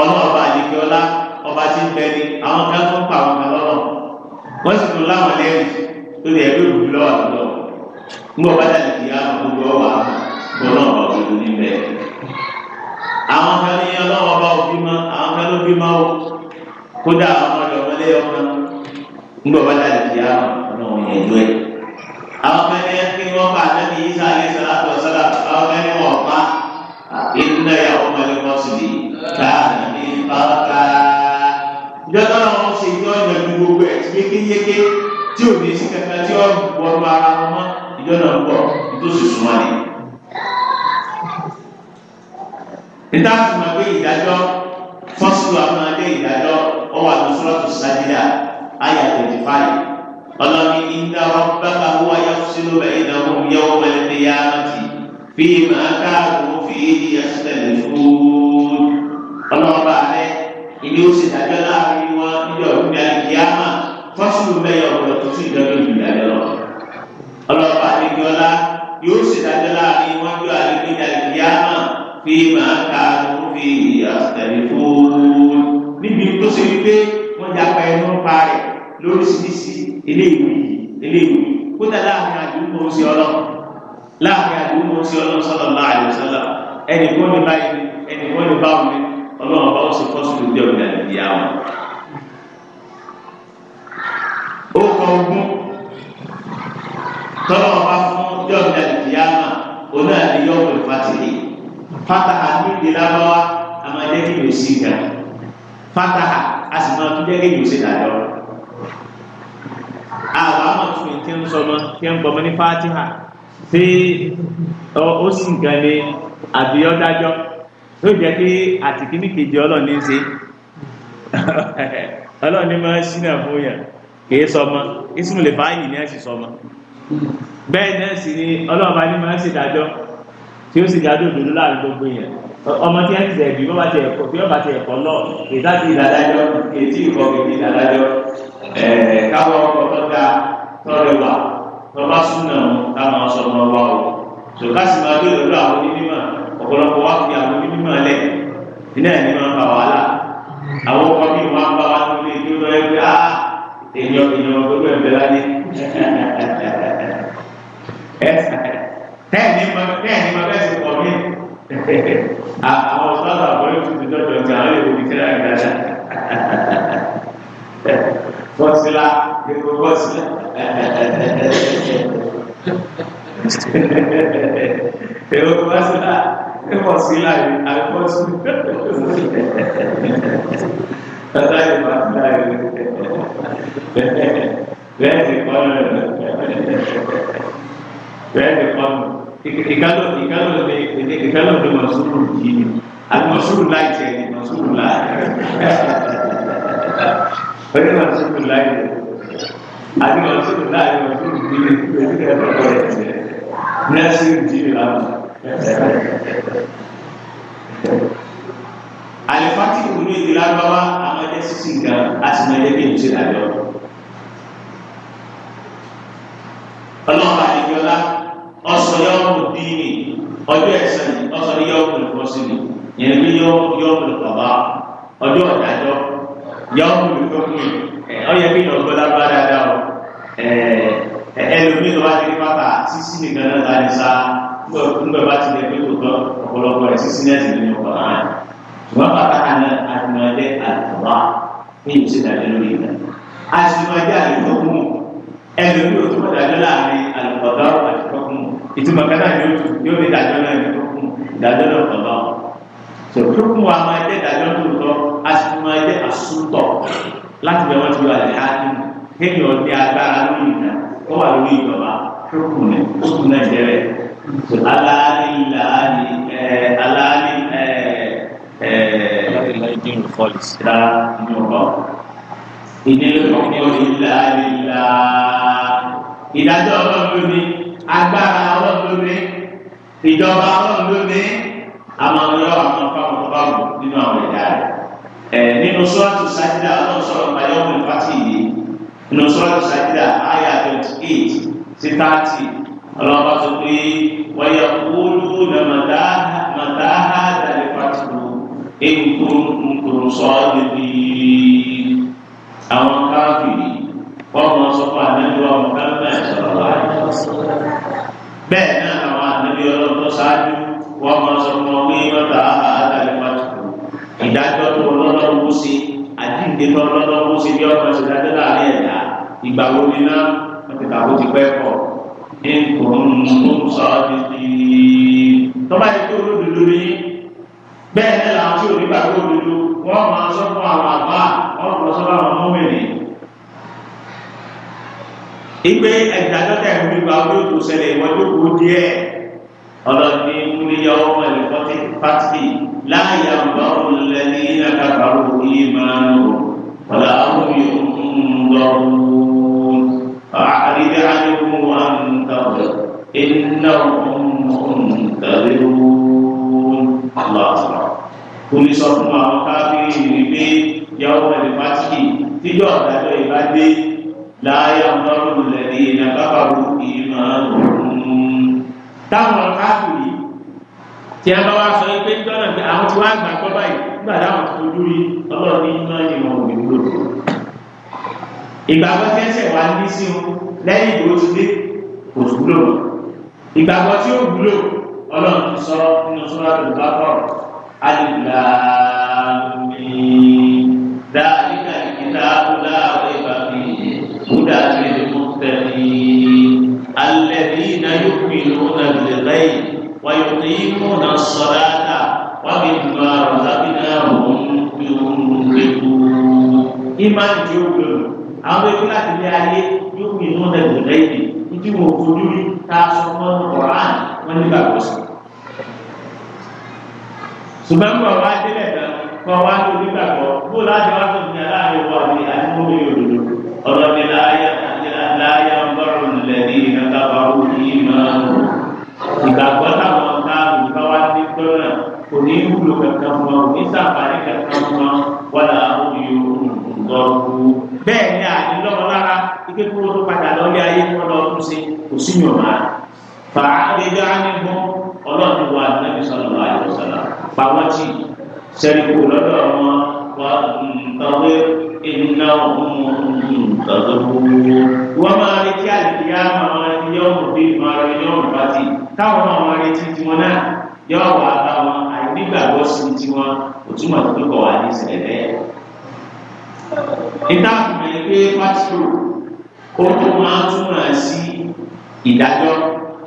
ọlọ́ọ̀bá àdìgbọ́lá ọba tí ń bẹ ní àwọn kan tó ń pa àwọn kan lọ́rọ̀ wọ́n sì tún láwọn lẹ́yìn tó lè ẹgbẹ́ òbí lọ́wọ́ àtúntò ń bọ̀ bá dàbí ìyá àwọn gbogbo ọ̀wà gbọ́dọ̀ ọ̀rọ̀ òdodo níbẹ̀. àwọn kan ní ọlọ́wọ́ bá òbí mọ́ àwọn kan ló bí mọ́ kódà àwọn ọ̀dọ̀ ọmọlé ọmọ ń bọ̀ bá dàbí ìyá àwọn àwọn kan ní kí wọ́n yékéyéké tí ò ní sí kankan tí ó wọnú ara wọn mọ́ ìjọ náà ń bọ̀ nítòsí súnmọ́ ni. níta sì máa gbé ìdájọ́ fọ́sùlù àmàdé ìdájọ́ ọwọ́ àtúnṣọ́lọ́tò sájídà ayà twenty five ọlọ́ni ìdá rabbaka huwa yafsilu baynahum yawma al-qiyamati fíìmù akáàbò fìdí ẹsẹ̀lẹ̀ fún ọlọ́ọ̀bà rẹ̀ ìní ó sì dájọ́ láàrin wọn níjọ́ ìgbà ìyá fọ́sùlù mẹ́yọ̀ ọ̀gbọ̀n tó ti dọ́gbé ìgbìyànjọ́ lọ. ọlọ́pàá àdéjọ́lá yóò ṣèdájọ́ láàrin wájú àdéjọ́lá ìyáàmà fi máa ka tó fi àtẹ̀lé fóònù. níbi tó ṣe wípé wọ́n já pa ẹnu pa rẹ̀ lóríṣiríṣi eléyìí eléyìí kódà láàrin àdúgbò ń ṣe ọlọ́ láàrin àdúgbò ń ṣe ọlọ́ sọ́lọ́ láàrin sọ́lọ́ ẹnì kọ́ni báyìí ẹnì kọ́ni báwọn ọlọ́run bá ó ṣe fọ́sùlù dé ọ̀gbìn àdìyà wọn ó kọ ogún tọ́lọ́ ọba fún yọ̀ọ̀dì àdìyàmà oní àdìyọ̀ọ̀dì fàtìlì fataha níbi lábáwá àmàjẹ́ kí ló sì gà fataha a sì máa tún jẹ́ kí ló sì dàjọ́ àwọn amọ̀tún tí ń sọmọ tí ń gbọmọ ní fatiha tí ó sì ń gan ní àdìyọ̀dájọ́ tó jẹ́ pé àtìkíní kejì ọlọ́ọ̀ni ń ṣe ọlọ́ọ̀ni máa ń ṣínà fún yàn kìí sọmọ ismu lè báyìí ní ẹ̀sìn sọmọ bẹ́ẹ̀ náà sì ni ọlọ́ọ̀bá ní máa ń ṣèdájọ́ tí ó sì dájọ́ òdòdó láàrin gbogbo yẹn ọmọ tí wọ́n ti tẹ̀ bí wọ́n bá ti ẹ̀kọ́ bí wọ́n bá ti ẹ̀kọ́ lọ ìdájí ìdádájọ́ ètí ìkọ́ kìkì ìdádájọ́ káwọ́ ọkọ̀ tó ga tọ́lẹ̀ wà tó bá súnà táwọn sọ ọmọ wa o tòkásì máa gbé lọ́dọ̀ àwọn onímọ̀ ọ̀pọ̀lọpọ̀ wá fi àwọn onímọ̀ lẹ̀ nínú èèyàn èèyàn gbogbo ẹ̀fẹ́ láyé ẹ̀sà tẹ́ẹ̀ni ma tẹ́ẹ̀ni ma bẹ́ẹ̀ sì pọ̀ mí àwọn ọ̀sán àbọ̀rẹ́ tuntun dọ́jọ́ ti àwọn èèyàn òbí kíra ìgbà náà bọ́sílá gbogbo bọ́sílá èrò bọ́sílá bọ́sílá àbí bọ́sílá tọ́tà ìbá fúlá ìlú bẹ́ẹ̀ni kọ́nù bẹ́ẹ̀ni kọ́nù ìkálò ìkálò ní ìkálò ní mọ̀súrù yìí àti mọ̀súrù láì tẹ̀ ní mọ̀súrù láì oní mọ̀súrù láì àti mọ̀súrù láì mọ̀súrù yìí èyí ẹ̀ lọ́kọ̀ ẹ̀ tẹ̀ nẹ́sìn yìí làwọn alifati kulu ìdílé agbára amadé sisi nǹkan àti mẹlẹ bí ètò ìdájọ. ọlọ́ọ̀bà àdìgbọ́lá ọ̀sọ̀ yọ̀ọ̀mù dìínì ọjọ́ ẹ̀sán ni ọ̀sọ̀ ní yọ̀ọ̀mù lùkọ́sílì yẹn ní yọ̀ọ̀mù lùkọ́bá ọjọ́ ọ̀dájọ́ yọ̀ọ̀mù lùkọ́kùn ọ̀yẹ́ bí lọ́gbọ́lá bá dáadáa o ẹlòmíràn wá ní pátá sísí nìkan náà láti sá ńgbẹ̀ bá ti lẹ́ bàbá àná àtìmọ̀lẹ́ àtọ̀rọ̀ ní ìṣẹ̀dálẹ́ lórí ìlẹ̀. àṣìmọ̀jẹ́ àlùkọ́kùn ẹlòmí ò túbọ̀ dájọ́ láàrin àlùkọ̀dá àlùkọ́kùn ìtumọ̀ kátà yóò lè dájọ́ náà àlùkọ́kùn dájọ́ náà kọ̀dọ̀. sọ̀tún wa máa jẹ́ dájọ́ tó lọ àṣìmọ̀jẹ́ àsúntọ̀ láti bẹ̀rẹ̀ wọ́n ti wà lẹ́yà kéèyàn ọdẹ agbára lórí ìlà ó wà lórí ìjọba tókùn náà jẹ́rẹ̀ policy. ìdílé kan ní onílà nílà ìdájọ́ ọlọ́run ní agbára ọlọ́run ní ìjọba ọlọ́run ní àwọn ọmọ yọ àwọn fáwọn tó bá wù nínú àwọn ẹ̀dá rẹ̀. ẹ̀ nínú sọ́ọ̀tù sájídà ọlọ́run sọ̀rọ̀ pàyọ́ ọmọ ìfàtì yìí nínú sọ́ọ̀tù sájídà àyà twenty eight sí thirty ọlọ́run bá tó pé wọ́n yẹ kúlù náà màtáhà màtáhà dàlẹ́ pàtó. إن كنتم صادقين أو الكافرين وما صفى النبي محمد صلى الله عليه وسلم بين أما النبي الله صادق وما صفى قيمة هذا المجهول ìdájọ́ tó lọ́dọ̀ wú sí àdíǹde tó lọ́dọ̀ wú sí bí ọmọ ìṣẹ̀dá tó láàrin ẹ̀dá ìgbà wo ni náà wọ́n ti kàwé ti pẹ́ pọ̀ ní kòrò nínú sọ́ọ́ ti di tọ́ba yìí tó lódodo yìí bẹ́ẹ̀ ní làwọn tí òní gbàgbọ́ òdodo wọ́n máa sọ fún àwọn àbá wọ́n lọ sọ́dọ̀ àwọn mọ́mìnì. ìgbé ẹ̀dàdọ́tà ìwé gba orí tó ṣẹlẹ̀ ìwọ́dókòó díẹ̀ ọlọ́ni múlíyà ọmọ ẹ̀lẹ́kọ́tì pátì láàyè àgbà òǹlẹ̀ ní àkàkàrò yìí máa ń lò wọ́n àwọn yòókùn أعرض عنهم وأنتظر إنهم منتظرون Allah sọ̀rọ̀ polisi ọ̀fun àwọn káfíìn ní pé yàwó ẹ̀lẹ́ pàtìkì tíjọ́ ọ̀dájọ́ ìbá dé láàyè ọ̀dọ́rùn lẹ́ni ìdàgbàbàrù ìmọ̀ ọ̀hún. táwọn káfíìn tí a bá wá sọ pé jọ́nà pé àwọn tí wàá gbàgbọ́ báyìí nígbà táwọn tó dúró yìí ọlọ́run ní iná ìmọ̀ òmìn lòdì. ìgbàgbọ́ tí ẹsẹ̀ wá ní sí wọn lẹ́yìn ìgbò ti dé kò wúlò ìgbàgbọ́ tí ó wúlò ọlọ́run ti sọ nínú sọ́láàtì ìbákọ̀ alìlàmì dáadíkà ìkìlá ọláwọ̀ ìbàbí kúdà tìlẹ̀ mọ́tẹ́lì alẹ́bí náà yóò fi ìlú náà lè lẹ́yìn wáyé tó yí kó náà sọ̀rọ̀ àtà wá mi dùnà ọ̀làbínà ọ̀hún fi òun lè kú. ìmáà ń di òkè àwọn ewúrẹ́ àti ilé ayé yóò fi ìlú náà lè lẹ́yìn tí mo fojú rí ta sọ mọ́ ọ̀rán wọn nígbà tó sì. ṣùgbọ́n kọ́ wá délẹ̀ náà kọ́ wá ní onígbàgbọ́ bó láti wá tó ní aláàárẹ̀ wà ní àdúgbò òdodo ọ̀rọ̀ mi láyà láyà ń bọ̀rọ̀ lẹ́ni ìrìnàkàbà òní máa ń ìgbàgbọ́ táwọn táàbù bá wá ní tọ́nà kò ní wúlò kankan mọ́ kò ní sàǹfààní kankan mọ́ wàlà òyò bẹ́ẹ̀ ni àdìlọ́mọ lára ike kúrò tó padà lọ́lé ayé kí wọ́n lọ tún ṣe kò sí yàn máa fà á lè dá nínú ọlọ́run wa nàbí sọ̀rọ̀ ayọ̀ sọ̀rọ̀ pàwọ́ tì sẹ́ni kò lọ́dọ̀ wọn wà ntọ́wé ìnà òun tọ́jú wọ́n máa retí àdìyá máa ń yọ̀ ọ́ bí máa ń yọ̀ ọ́ bá ti táwọn máa retí tiwọn náà yọ̀ wà bá wọn àìnígbàgbọ́ sí tiwọn òtúmọ̀ tó kọ̀ wá ní ìṣẹ̀lẹ̀ bẹ́ẹ̀ ìtàkùn ẹ̀ pé pásítọ̀ ó tó máa ń túmọ̀ sí ìdájọ́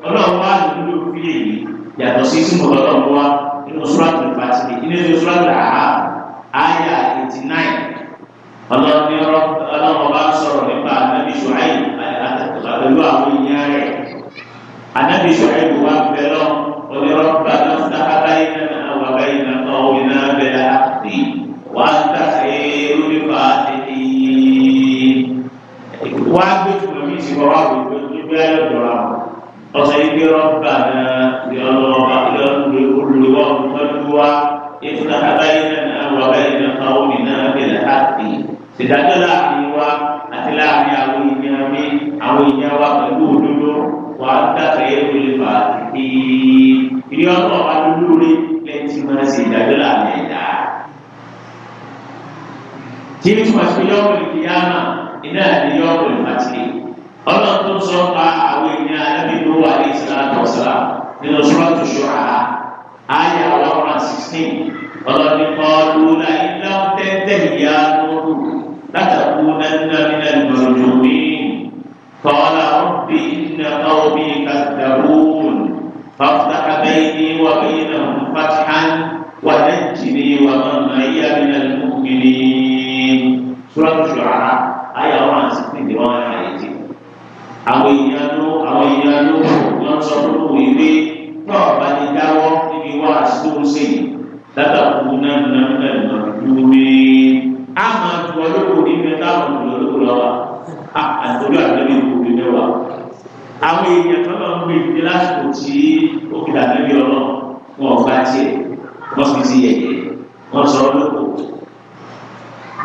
ọlọ́run wá lòdì òfin èyí yàtọ̀ sí tí mo lọ́dọ̀ wá nínú sùràtù ìfàtìlì nínú sùràtù àhà àyà eighty nine ọlọ́run ní ọlọ́run ọba sọ̀rọ̀ nípa ànábì ṣùháì pẹ̀lú àwọn ènìyàn rẹ̀ ànábì ṣùháì wà bẹ̀rọ̀ onírọ̀bà. wá gbé tùmọ̀ mí sí wá wá gbé tó gbé ayọ̀ dọ̀ra ọ̀sẹ̀ yìí gbé rọ́bà náà ní ọlọ́ọ̀bá ní ọlọ́ọ̀bá olùwọ́ olùwọ́ ìfúnná abáyé náà wà báyé náà káwọn mi náà bẹ̀rẹ̀ láti ìdájọ́ láàrin wa àti láàrin àwọn ènìyàn mi àwọn ènìyàn wa pẹ̀lú òdodo wà á dàgbẹ́ olè fà ìdí ọ̀tọ̀ wa lórí lẹ́yìn ṣe ìdájọ́ láàrin ẹ̀dá. tí wọ́n ṣe yọ̀ ọ́ iná àdéhùn ọ̀pọ̀ ìfàtìlì ọlọ́run tó ń sọ pa àwọn ènìyàn alábìnú wà ní ìsìláàtọ̀ ọ̀sán nínú sọ́ọ̀tù ṣọ́ra ayé àwọn ọmọ sixteen ọlọ́run kọ́ lóla iná tẹ́tẹ́ ìyá lóru látàkù nánà nínà lòdò mi kọ́lá ọ̀bì iná ọ̀bì kàdàrún fàfúdàkà bẹ́ẹ̀ ni wà bẹ́ẹ̀ nà fàtìhán wà lẹ́jìnnì wà mọ̀ náà yíyá nínà lòmìnir sọ́ọ̀tù ṣọ́ra àyà wọn àti pèndé wọn àyè jì àwọn èèyàn ló àwọn èèyàn ló wọn sọ fún òwe pé náà bá ti dáwọ́ níbi wá àsìkò ṣe yìí látàkùn náà náà náà náà dúró ní àmọ́ àti ọlọ́kùnrin nínú ẹ̀ta àwọn ọlọ́kùnrin lọ́wọ́ àtọ́jú àtẹ́lẹ̀ ìkòkò mẹ́wàá àwọn èèyàn tó lọ ń gbé ìdílé lásìkò tí òkèlà níbi ọlọ wọn ò tiẹ̀ wọn fi ti yẹ̀yẹ́ wọn sọ ọlọpọ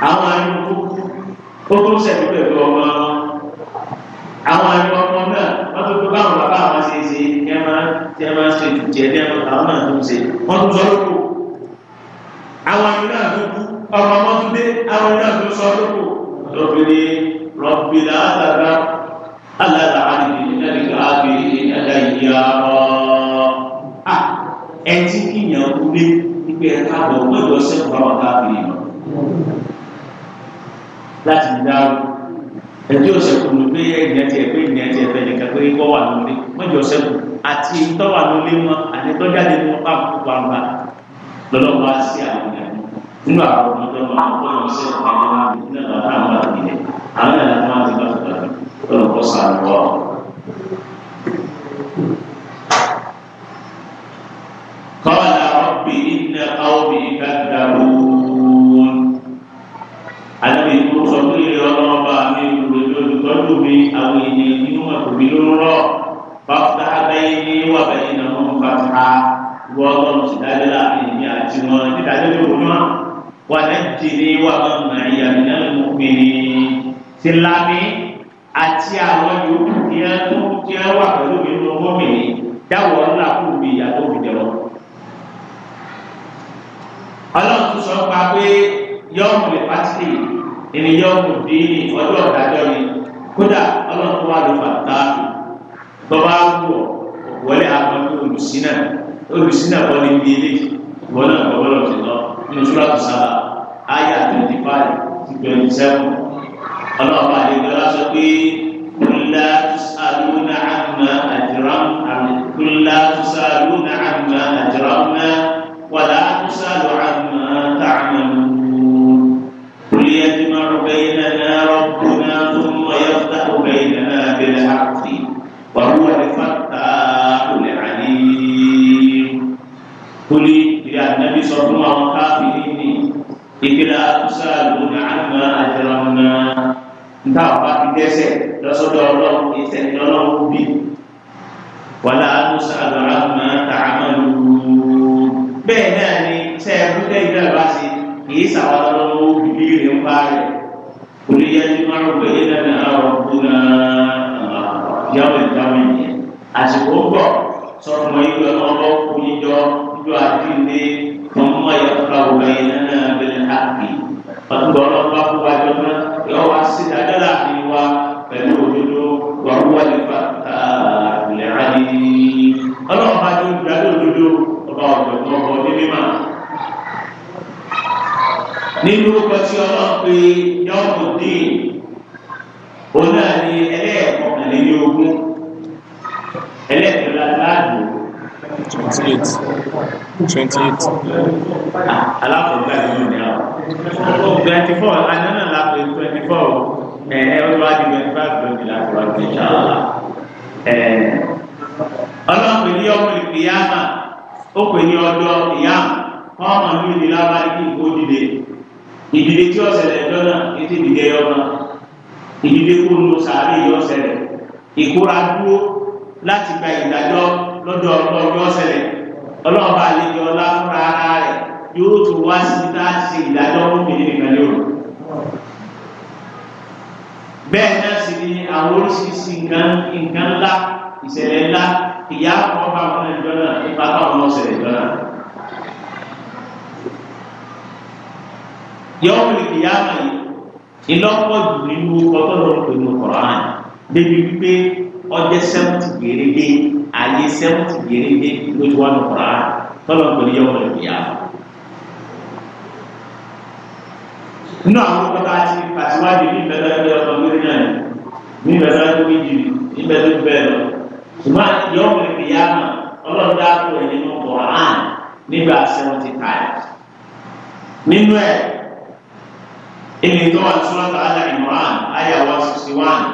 àwọn àyùkú ó tó sẹ̀mí pẹ̀lú ọmọ àwọn àjọ ọmọ náà wọ́n tó tó báwọn bàbá àwọn ṣe ṣe kí ẹ máa tí ẹ máa ṣe ìjẹ́ ní àwọn náà tó ń ṣe wọ́n tó sọ lóko àwọn àjọ náà tó kú ọmọ ọmọ tó dé àwọn náà tó sọ lóko lọ́bi ní rọ́bì làálàá alága àdìgbì nàdìgbà àbí nàdà ìyá ọ́ ẹ ti kíyàn kú lé wípé káàbọ̀ wọ́n sẹ́kọ̀ọ́ àwọn káàbì yìí láti dáwọ́ ẹjọ́ òsèkù ló pé ẹ̀yìn àti ẹ̀fẹ́ ẹ̀yìn àti ẹ̀fẹ́ nìkan pé kọ́ wà lórí mọ́jọ òsèkù àti tọ́wà lórí wọn àti tọ́jáde wọn pàmò pàmò lọ́lọ́wọ́ á sí àwọn ìyàwó nínú àwọn ọmọdé wọn àwọn ọmọdé wọn sẹ́kù àwọn ọmọdé nínú àwọn àwọn àgbẹ̀ àwọn ìyàwó wọn ti bá tó bá lọ́nà kọ́ sàn wọ́. قال رب إن قومي كذبون النبي sọ pé ilé ọlọ́ọ̀bá mi lòdì olùtọ́jú mi àwọn ènìyàn nínú àtòbí ló ń rọ̀ fáfúta abẹ́yẹ ní wà bẹ́yẹ náà wọ́n fàtà wọ́ ọlọ́run sì dájọ́ láàrin èmi àti wọn nídàájọ́ tó wọ́n náà wà lẹ́ǹtì ní wà bẹ́ẹ̀ mọ̀ ẹ̀yà mi náà mú mi ní ti lámì àti àwọn yòókù kí ẹ tó kí ẹ wà pẹ̀lú mi nínú ọmọ mi dáwọ̀ ńlá kù bí ìyàtọ̀ mi jẹ́ wọn. ọlọ́run sọ pa pé yọ̀ọ̀mù lè ẹni yọ ọmọ díìnì ọjọ́ ọ̀dájọ́ ni kódà ọlọ́run wà ló bàtà bọ́bá wù ọ wọlé àpapọ̀ olùsínà olùsínà bọ́ ní ibi ilé ìwọ náà bọ́ bọ́lọ̀ ti lọ nínú súràtù sábà ayé àtúntì báyìí ti twenty seven ọlọ́ọ̀bá àdégbélá sọ pé kúlá tusalúna àmà àjìrán kúlá tusalúna àmà àjìrán náà wàlá tusalú àmà tààmà. tusalun amma ajramna nta ọba ti dẹ́ṣẹ̀ rasulullah Ọlọ́run ìtẹni Ọlọ́run bí wàlá amma ta'amalu bẹ́ẹ̀ ni saya ẹkúndé ìdá ìbá sí kìí sàwọn Ọlọ́run bíbí rẹ ń bá rẹ olùyẹjú máa ń gbẹyẹ lẹ́nu àwọn ọkùnrin yàwó ìdáwó ìyẹn àsìkò ọdún ọlọ́pàá kó bá jọ náà yọ wá sí dájọ́ láàrin wa pẹ̀lú òdodo wà wúwa nípa àlẹ́ àlẹ́ ọlọ́pàá tó dájọ́ òdodo ọba ọ̀dọ̀ ọmọ ní mímà. nínú pẹ̀sí ọlọ́pẹ́ yọ̀ọ̀mù dín òun náà ah, ní ẹlẹ́ẹ̀kọ́kànlẹ́ ní ogún ẹlẹ́ẹ̀kọ́lá láàdùn. twenty eight twenty eight. alákọ̀ọ́gbà yìí ni Eh, eh, twenty four ànánà la pè twenty four ẹ ẹ wá di twenty five twenty la pè wá di ṣáàlà ẹ ọlọ́run pè ní ọmọ ìpìyàmà ó pè ní ọjọ́ ìyàmù wọn máa ń yìí lábáyé kí nǹkó dìde ìdílé tí ọ̀sẹ̀lẹ̀ lọ́nà ètò ìdílé ọmọ ìdílé kó nu sàárè yìí ọ̀sẹ̀lẹ̀ ìkóra dúró láti gba ìdájọ́ lọ́dọ̀ ọlọ́jọ́ ọ̀sẹ̀lẹ̀ ọlọ́ọ̀bá àlejò ọlá fúnra ara rẹ̀ yóò tó wá sí tá a ṣe ìdájọ́ gómìnà nìkan lérò. bẹ́ẹ̀ náà sì ni àwọn oríṣiríṣi nǹkan nǹkan ńlá ìṣẹ̀lẹ̀ ńlá ìyá àwọn ọba àwọn ẹ̀jọ́ náà ipa táwọn ọ̀sẹ̀lẹ̀ ìjọ náà. yọ̀ọ́ mi ìyá àmà yìí ìlọ́pọ̀ jù nínú ọkọ̀ tó ń pè ní ọ̀rọ̀ àná débi wípé ọjọ́ sẹ́wọ̀tì gbèrègbè ayé sẹ́wọ̀tì gbèrègbè lójú wa nù àná tọ́lọ̀ pẹ̀lú yọ̀ọ́ mi ìyá àmà. nínú àwọn ọ̀pọ̀ta àti àtiwájú ní ìbẹ̀rẹ̀ ẹgbẹ́ ọ̀pọ̀ lórí náà ní ìbẹ̀rẹ̀ ẹgbẹ́ méjì ní ìbẹ̀rẹ̀ bẹ́ẹ̀ lọ ṣùgbọ́n yọ ọ̀pọ̀lọpọ̀ ìyá náà ọlọ́run dáàbò ẹ̀ nínú Quran nígbà seventy times nínú ẹ̀ ilé tó wà sọ́nà tààlà Imran ayé wa sixty one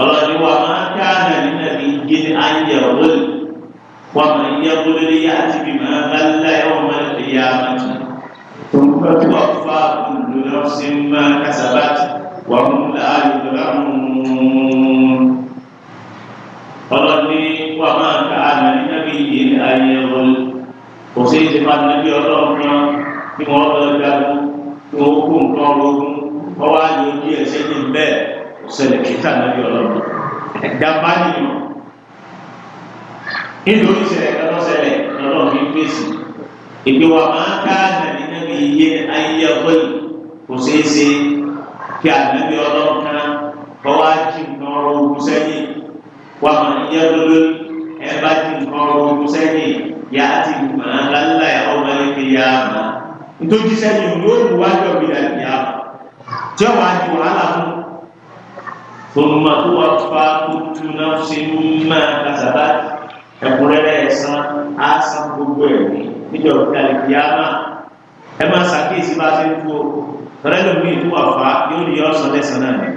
ọlọ́run wa máa ká náà nínú ẹ̀ ní ayé ọ̀rọ̀ wọ́n máa yẹ kó yá àti bímọ فتوفى كل نفس ما كسبت وهم لا يظلمون ọlọ́ni wà máa ka àmàlí nábì yìí ayé wọlé kò sí ìjìnlẹ̀ nábì ọlọ́run kí wọ́n lọ jagun kí wọ́n kó nǹkan ogun wọ́n wá ní ojú ẹ̀ṣẹ́ ní bẹ́ẹ̀ kò ṣẹlẹ̀ kíta nábì ọlọ́run ẹ̀dá bá nìyọ. nítorí ìṣẹ̀lẹ̀ kan lọ́sẹ̀lẹ̀ lọ́dọ̀ fi fèsì ìgbéwà máa ka àmàlí ànábì yé ayé ọgbọ́n kò ṣeé ṣe kí ànábì ọlọ́run kan kọ́ wá jì nǹkan ọrọ̀ ogun sẹ́yìn wà á yẹ lọ́lọ́ ẹ bá jì nǹkan ọrọ̀ ogun sẹ́yìn yà á ti mọ̀ ọ́n lálẹ́ àwọn ọmọ ẹgbẹ́ yà á mọ̀ nítorí sẹ́yìn yóò mú wájú ọ̀gbìn àgbẹ̀ yà tí ó wàá di wàhálà fún tòmùmá tó wà fà kutu náà ṣe ń má kásàbá ẹ̀kúnrẹ́rẹ́ ẹ̀sán á san gbogbo ẹ̀ níjọba kálí kìámà ẹ máa ṣàkíyèsí bá a ṣe ń kú o rẹ́lò mi tó wà fà yóò rí ọ̀sán lẹ́sàn náà ni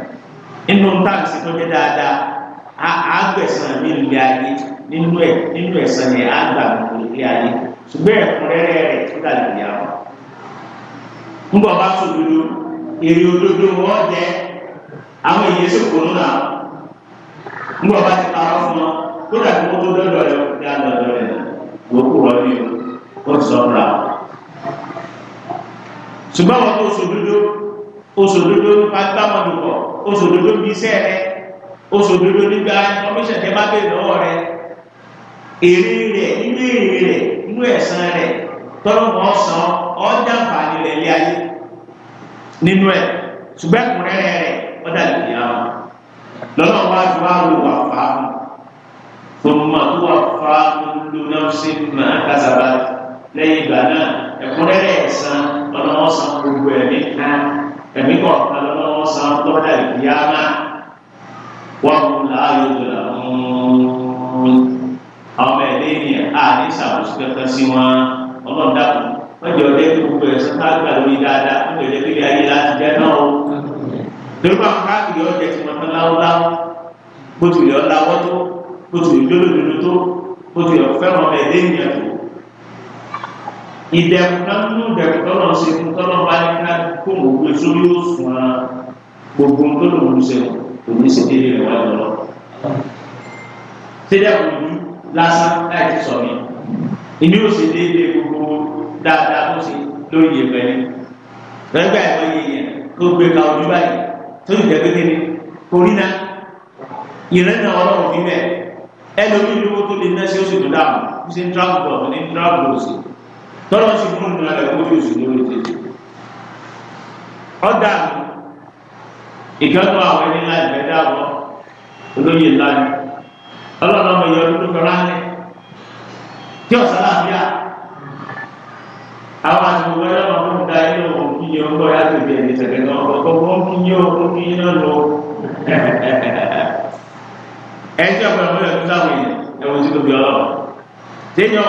inú táǹsì tó jẹ́ dáadáa àgbẹ̀sán mi lè ayé nínú ẹ̀ nínú ẹ̀sán ni àgbà mi lè ayé ṣùgbọ́n ẹ̀kúnrẹ́rẹ́ rẹ̀ tó dà lè yà wọ́n. ń bọ̀ bá sòdodo èrè òdodo wọ́n jẹ́ àwọn èyí sòkò náà ń bọ̀ bá ti parọ́ fún wọn kódà kí wọ́n tó dọ́dọ̀ rẹ̀ wọ́n ti dá lọ́dọ̀ rẹ̀ wọ́n kó o wọ́n ṣùgbọ́n wọn tó ṣòdodo oṣòdodo nípa gbàmọ̀dùpọ̀ oṣòdodo bí iṣẹ́ rẹ oṣòdodo nígbà kọmíṣẹ̀ tẹ bá bèèrè lọ́wọ́ rẹ èrè rẹ inú èrè rẹ inú ẹ̀san rẹ tọ́lọ́ mọ́ san ọjà fàánì rẹ lé ayé nínú ẹ̀ ṣùgbọ́n ẹ̀kúnrẹ́rẹ́ rẹ ọjà lè yá wọn lọ́nà wá ju wá lò wà fáàmù tòun mà tó wà fáàmù lónà sí mà kásábà lẹ́yìn ìgbà náà ẹ̀kúnrẹ́rẹ́ ẹ̀sán lọ́lọ́wọ́ san gbogbo ẹ̀mí kan ẹ̀mí kọ̀ọ̀kan lọ́lọ́wọ́ san tọ́lá ìyáma wọ́n mú láàyò gbèrà àwọn ẹ̀dẹ́ ni àní sàbòsí kankan sí wọn ọlọ́dà wọ́n jọ dé gbogbo ẹ̀sán tá a gbà lórí dáadáa wọ́n jọ dé pé ayé láti jẹ́ náà o torí wọn káàkiri ọjà tí wọn fẹ́ láwọ́láwọ́ bó ìdẹ̀kùn náà nínú ìdẹ̀kùn tọ́lọ̀ ń sekun tọ́lọ̀ bá ní ká kó òun gbé sórí òsùn ara gbogbo tó lò ń sẹ́wọ̀n kò ní sèkéde rẹ̀ wáyé lọ. sílẹ̀ òjú lásán láì ti sọ̀ mí ìní òsè déédéé gbogbo dáadáa tó ṣe lórí ìyẹ̀fẹ́ ni rẹ́gbà ìwé yẹn tó gbé ka ojú báyìí tó ìjẹ́ kékeré kórìíná ìrẹ́nà ọlọ́run fi bẹ́ẹ̀ ẹlòmíì lówó tó lè ná sí ó sì tó dáàbò ó sì ń tíráàbù tọ́lọ́ sí fún un lálẹ́ owó yóò sì ní orí tètè ọ̀dà ìkẹ́kọ̀ọ́ àwọn ẹni ńlá ìfẹ́ dáàbọ̀ olóyè ńlá ni ọlọ́run ọmọ ìyá ọdún tó kọ́ láńlẹ̀ tí ọ̀sán láàbíà àwọn àtìmọ̀wé ọlọ́run ọmọ ìdá ilé ọmọ òkú yẹn ń bọ̀ láti ìdí ẹ̀mí tẹ̀lé náà ọkọ̀ wọn kú yẹn ọkọ̀ kú yẹn náà lọ ẹ̀jẹ̀ ọ̀pọ̀lọpọ̀ ẹ̀kú sáwọn ẹ̀wọ̀n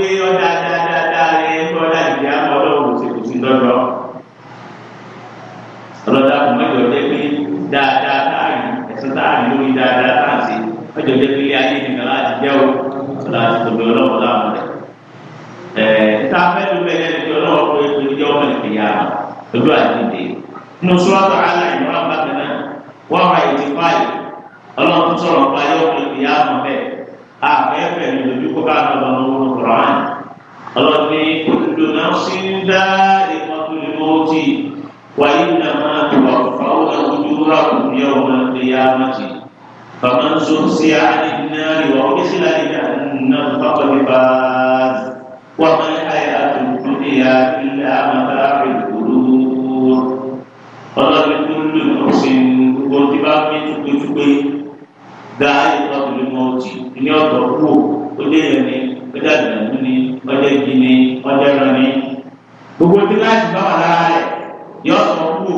tí kọ́lá ọlọ́run ti kù sí ayé nìkan láti jẹ́ bẹ́ẹ̀ ní ọlọ́run lójú àdìdè nínú sọ́ọ́tọ̀ aláìmọ́ àbákan náà wọ́n ọlọ́run ní نفس ذائقة الموت وإنما توفون أجوركم يوم القيامة فمن زحزي عن النار وأدخل جهنم فقد فاز وما الحياة الدنيا إلا متاع الغرور فقد كل نفس كتب بتكتبه ذائقة الموت إن يطرقوا قل لي يعني بدأنا مني ọjọ́ ìdíni ọjọ́ ìrọ̀lẹ́ gbogbo kíláàsì bá wà lára rẹ̀ yọ sọ kú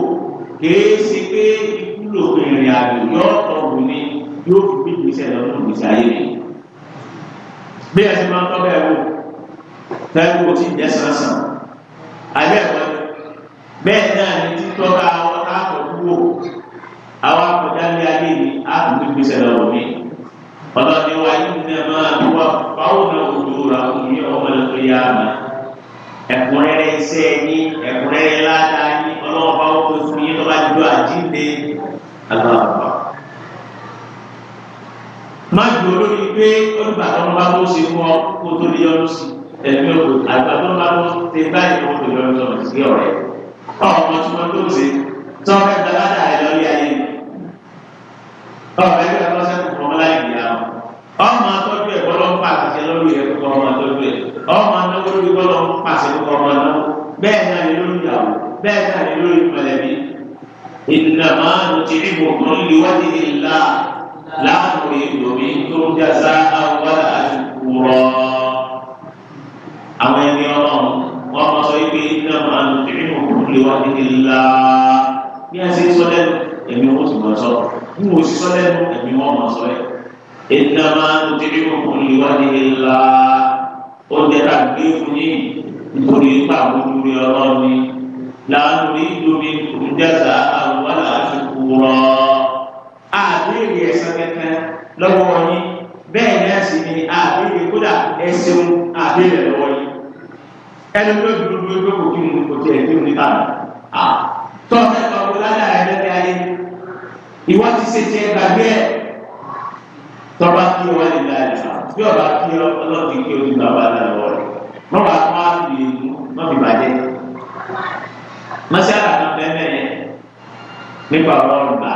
kìí ṣe pé ìkúlò ìrìn àjò yọ tọ̀gùn ni yóò fi bí ìgbésẹ̀ lọ́nà ìgbésẹ̀ ayé rẹ̀ bí ẹ ti máa ń tọ́ bẹ́ẹ̀ wò fẹ́ẹ́ wò tí ìjẹ́ sànsàn àbẹ́ ẹ̀kọ́ bẹ́ẹ̀ náà ni títọ́ bá àwọn àwọn akọ̀dá ayé ni á kò gbé ìgbésẹ̀ lọ́wọ́ mi ọlọ́ni wa yìí ní ẹ̀ma wà báwọn náà kò tó ra òun ní ọmọ ẹ̀kọ́ yá ma ẹ̀kúnrẹ́rẹ́ iṣẹ́ ní ẹ̀kúnrẹ́rẹ́ ládàá ní ọlọ́wọ́ báwọn kò fún yín lọ́ba jù àjínde aláàbà. má ju olórí pé olùbàdàn bá tó ṣe fún ọ kó tó lé ọdún sí ẹ̀mí òkú àgbàdàn bá tó ṣe báyìí kó tó lé ọdún sọ̀rọ̀ ọmọ tí wọ́n tó láì ní àwọn ọmọ atọ́jú ẹ̀ bọ́lọ́ ń pàṣẹ lórí ẹ̀ kọ́kọ́ ọmọ atọ́jú ẹ̀ ọmọ anáwó lórí bọ́lọ́ ń pàṣẹ kọ́kọ́ ọmọ anáwó bẹ́ẹ̀ náà ni lórí ìyàwó bẹ́ẹ̀ náà ni lórí mọ̀lẹ́bí ìdàmà ti ìbò kan léwájú ìlà láàrin ìdòmí tó ń jásá àwọn àṣùkúrọ̀ àwọn ẹni ọlọ́run wọ́n mọ sọ pé ìdàmà ti ìbò kan léwájú ìlà bí a ṣe sọ lẹ́nu ẹ̀mí owó sì mọ̀ sọ́kọ̀ n kò sọ lẹ́nu ẹ̀mí wọn mọ̀ sọ yẹ. ìnáma nítorí òkun ìwádìí ńlá ó jẹ́ ká gbé fún yín nítorí ipa àbójú rẹ ọlọ́run ni láàánú rí lómi ìdẹ́sà àwọn aláàfikù rọ. àbẹ́rẹ́ ẹ̀sán kẹ́kẹ́ lọ́wọ́ yín bẹ́ẹ̀ náà sì ni àbẹ́rẹ́ kódà ẹ̀sìn àbẹ́rẹ́ lọ́wọ́ yín. ẹni tó dúró dúró kò kí n kò tiẹ̀ kí n ní ká tọ́ ẹ̀ lọ́wọ́ ládàá ẹ̀ lẹ́gbẹ̀ẹ́ ìwọ ti ṣe tiẹ̀ gbàgbé ẹ̀ tọ́ba kí wọ́n lè la ẹ̀ka bí ọba kí ọlọ́ọ̀dì kí omi bàbá la lọ́wọ́ rẹ̀ wọ́n wá tó á fi èlú wọ́n fi bàjẹ́ mọ́ṣálà kan bẹ́ẹ̀ yẹn nípa ọlọ́run bá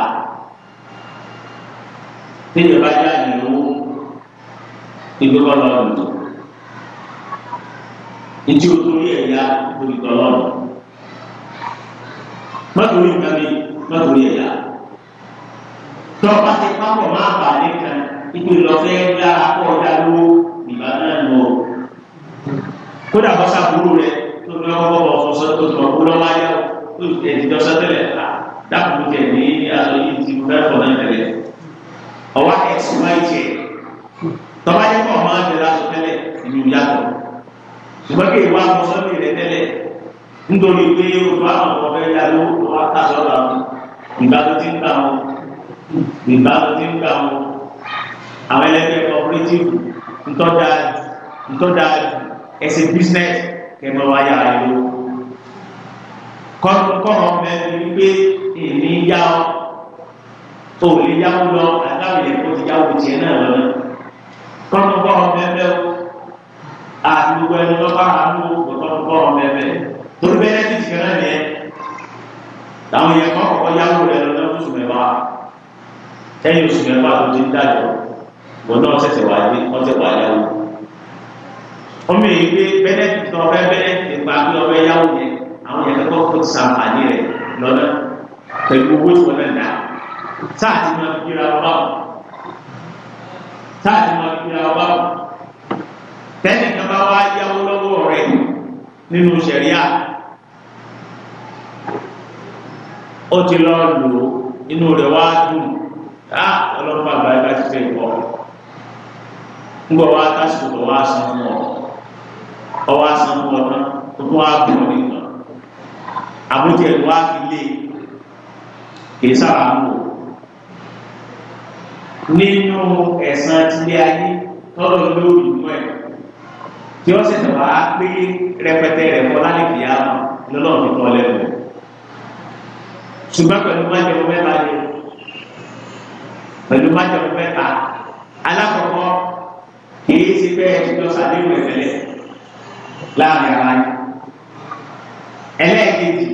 níjọba bá yá ìlú ìgbébọ́ tó ìdí òtórí ẹ̀yà olùtọ̀ lọ́rùn mọ́tòrí nǹkan mi mọ́tòrí ẹ̀yà tọ́ba ti pápọ̀ máa bà nìkan ipò ìlọ́fẹ́ dára pọ̀ dá lówó ìgbà náà lọ. kódà bá sàbúrò rẹ tó ní ọgbọ́n bọ̀ fọṣọ tó tọ̀ ọ́ lọ́wọ́ ayé tó tẹ̀sí dọ́sọ́ tẹ̀lé ta dákùn tẹ̀ ní aṣọ yìí ti fẹ́ fọ́ náà tẹ̀lé. ọ̀wá ẹ̀sìn máa jẹ tọ́ba yẹn kọ̀ máa tẹ̀lé aṣọ tẹ́lẹ̀ ìlú yàtọ̀ ṣùgbọ́n kí ìwà fọṣọ mi rẹ tẹ́lẹ̀ nítorí pé yorùbá àwọn ọ̀fẹ́ yà ló wà ká sọ́dọ̀ ìgbà tó ti ń ta wọn ìgbà tó ti ń gbà wọn àwọn ẹlẹ́gbẹ́ cooperative ntọ́jà ẹsẹ̀ business kẹmẹ wa yàrá yìí kọ́ńtọ́kọ́rọ̀ mẹ́rin pé èmi yá ọ ò lè yáwó lọ àtàwọn yẹn kó ti yáwó tiẹ̀ náà lọ náà kọ́ńtọ́kọ́rọ̀ mẹ́rin àtúgbò ẹni lọ́ba àánú kọ́ńtọ́kọ́rọ̀ mẹ́rin torí bẹ́ẹ̀ ní ti fẹ́ràn yẹn làwọn yẹn kọ́ ọ̀kọ́ yáwó rẹ̀ lọ́dún sùnmẹ́wàá tẹ́lẹ̀ oṣù mẹ́fà tó ti ń dájọ́ wọn náà ṣẹ̀ṣẹ̀ wà ní ọ̀sẹ̀ wà yáwó ọmọ èyí pé bẹ́nẹ́tì tó ọbẹ̀ bẹ́nẹ́tì pa pé ọbẹ̀ yáwó yẹn àwọn yẹn kọ́kọ́ fún sàǹfààní rẹ̀ lọ́nà pẹ̀lú owó tí wọ́n náà dá sáà máa fi ra ọba wọn sáà máa fi ra ọba wọn tẹ́lẹ̀ kan bá wá yáwó lọ́wọ́ rẹ̀ nínú sẹ̀ríà ó ti lọ́ọ́ lò inú rẹ̀ wá dùn á ah, ọlọ́pàá àgbáyé bá ti fẹ́ ìwọ́ ńgbọ́ wa tásìkò tó wá san fún ọ ọ wá san fún ọ náà tó tún wá bùn ní ìgbà àbújá ẹ̀ wá fi lé kì í sábà ń wò nínú ẹ̀sán tilé ayé tọ́lọ̀ lórí mọ́ ẹ̀ tí ó sì tẹ̀ wá pé rẹpẹtẹ rẹ̀ fọ́ lálẹ́ fìyà lọ́lọ́run tó lẹ́nu ṣùgbọ́n pẹ̀lú májèmọ́ mẹ́ta yẹn pẹ̀lú májọ̀mú mẹ́ta alákọ̀ọ́kọ́ kìí ṣe pé ẹ ti lọ sàdéhùn ẹ̀fẹ̀lẹ̀ láàrin ara yìí ẹlẹ́ẹ̀kejì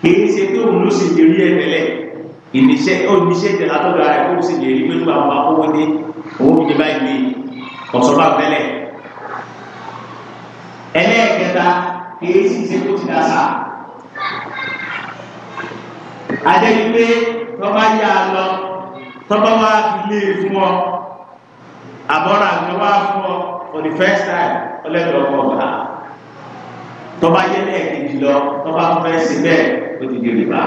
kìí ṣe pé òun ló sì lérí ẹ̀fẹ̀lẹ̀ ìníṣẹ́ oníṣẹ́ ìjọba tó dára kó sì lérí pé nígbà wọn bá kówó dé owó mi dé báyìí ní ọ̀sọ́fà fẹ́lẹ̀ ẹlẹ́ẹ̀kẹta kìí sì ṣe kó ti dàsà adẹ́ni pé wọ́n bá yá lọ tọ́ba wá ilé fún ọ àbọ̀rọ̀ àgbẹ̀ wá fún ọ for the first time ọlẹ́dọ̀ ọkọ̀ ọ̀gá tọ́ba yẹ lẹ́ẹ̀kejì lọ tọ́ba fẹ́ sí bẹ́ẹ̀ ó ti di rìbá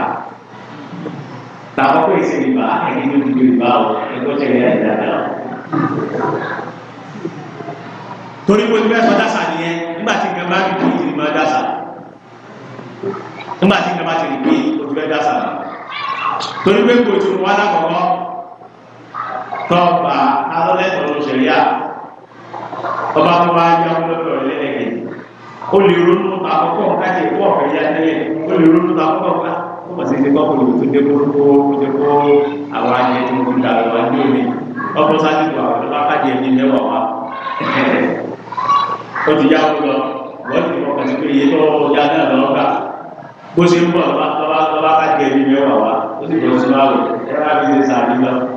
tàbá kó èsì rìbá ẹni ló ti di rìbá o ẹgbẹ́ ọ̀tẹ̀lẹ̀ yà dáadáa torí pé ìgbẹ́ sọ dásà nìyẹn nígbà tí nǹkan bá rí bí ìdí máa dásà nígbà tí nǹkan bá ti rí bí òtún fẹ́ dásà torí pé kò tún wá lákọ̀ọ́kọ́ tọ́ọ̀bà alọ́lẹ́tọ̀ọ́ ló ṣẹlẹ̀ yá ọba tó bá yá ọlọ́dọ̀ ẹlẹ́dẹ̀gẹ̀ ó lè ronú àkọ́kọ́ kájí ẹ̀kọ́ ọ̀fẹ́ yá tẹ́lẹ̀ ó lè ronú àkọ́kọ́ ká ó mọ̀ sí ti kọ́ kòlò tó dé kóró kó dé kó àwọn ayé tó ń da àwọn ayé òní ọkọ̀ sáájú tó àwọn ọba kájí ẹni mẹ́wàá wa ó ti yá wọn lọ wọ́n ti kọ́ kàtí pé iye tó yá náà lọ́ọ́ ká bó ṣe ń bọ̀ lọ́ba kájí ẹni mẹ́wàá wa ó sì bọ̀ sínú àwẹ̀ ẹ̀rọ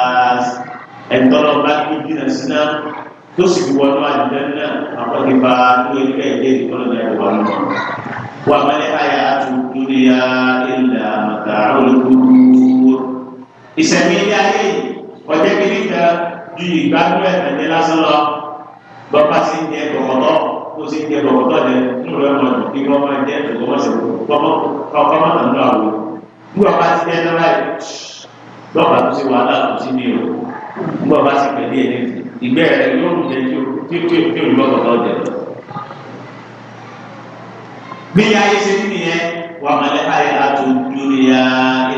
ẹ̀tọ́lọ́ bá kí jìnnà síná tó sì fi wọnú àdìdánná àpọ̀nipa tó yẹ ká ìdí ìkọlọ́ náà yẹ wọn wà á mẹ́lẹ́ àyà tuntun ní ya ilà màkà olùkúrú. ìsẹ̀mí ilé ayé ọjọ́ kìíní ka ju ìgbádùn ẹ̀tẹ̀dẹ́ lásán lọ bọ́pá sí ń jẹ gbọ̀gbọ̀tọ̀ kó sí ń jẹ gbọ̀gbọ̀tọ̀ jẹ nínú rẹ̀ mọ̀ kí wọ́n máa jẹ dia. nígbà bá sì pẹ̀lú ẹni ìgbẹ́ rẹ yóò jẹ tí ó tí ó lọ́kọ̀ náà jẹ lọ. bí ayé ṣe fún yẹn wà mọ̀lẹ́ ayé àtò lóríyá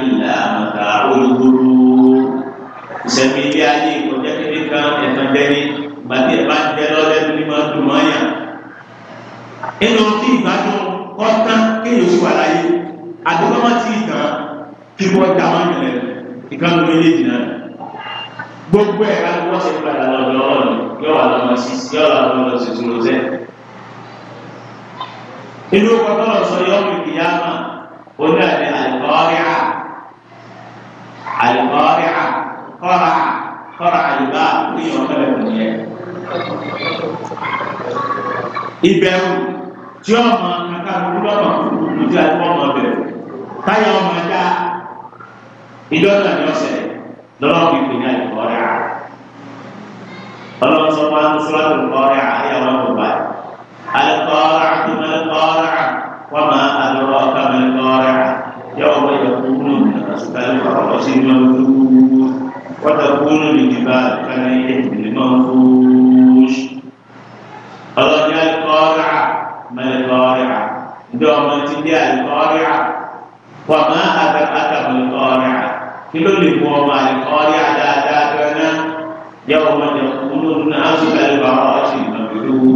ilà àmọ̀tà olùgbòrò ìṣẹ̀mí ilé ayé ìkọjá kékeré kan ẹ̀tàn dẹ́ni gbàdé bá ń dẹ́ lọ́lẹ́ ní máa dùn mọ́ yàn. inú tí ìgbádùn kọ́ńtà kéèyàn sì wà láyé ti tàn kí wọ́n dá ìkànnì méjèèjì náà gbogbo ẹ̀ láti wọ́n ṣe padà lọ́dọ̀ ọ̀rọ̀ yóò wà lọ́mọ sí yóò wà lọ́mọ lọ sí túnú sẹ́. inú kọ́tọ́lọ̀ sọ yọ ọ́n kìkì yá mà ó ní àdé àlùkọ́ríà àlùkọ́ríà kọ́ra kọ́ra àlùbá ní ọ̀kẹ́lẹ̀ kò ní ẹ̀. ìbẹ̀rù tí ọmọ akáàkú lọ́mọ kúkú tí a ti wọ́n mọ̀ bẹ̀rù táyà ọmọ ẹja ìdọ́nà ni ọ̀sẹ̀ lọ́wọ́ fi pè ní àìkọ́rẹ́ à ọlọ́run sọ fún asọ́láàtì kọ́rẹ́ à ayé wọn kò báyìí alẹ́kọ́rẹ́ à tó mẹ́lẹ́kọ́rẹ́ à wọ́n máa alọ́rọ́ ọ̀ká mẹ́lẹ́kọ́rẹ́ à yọ̀wọ́ bẹ́ẹ̀ yọ kúrú àtúntàlẹ́ ọ̀rọ̀ sí ní ọdún gbogbo wọ́n tẹ kúrú ní ìdìbà kánà ilé ìdílé náà fúúúṣ ọlọ́dún alẹ́kọ́rẹ́ à mẹ́lẹ́kọ́rẹ́ kí ló lè wọ ọmọ àlùkò rí àdáadáa gánà yẹ ọmọ yẹn kúrò nínú àṣùgbà ìgbà ọ̀ṣì ìgbàgbọ́dọ̀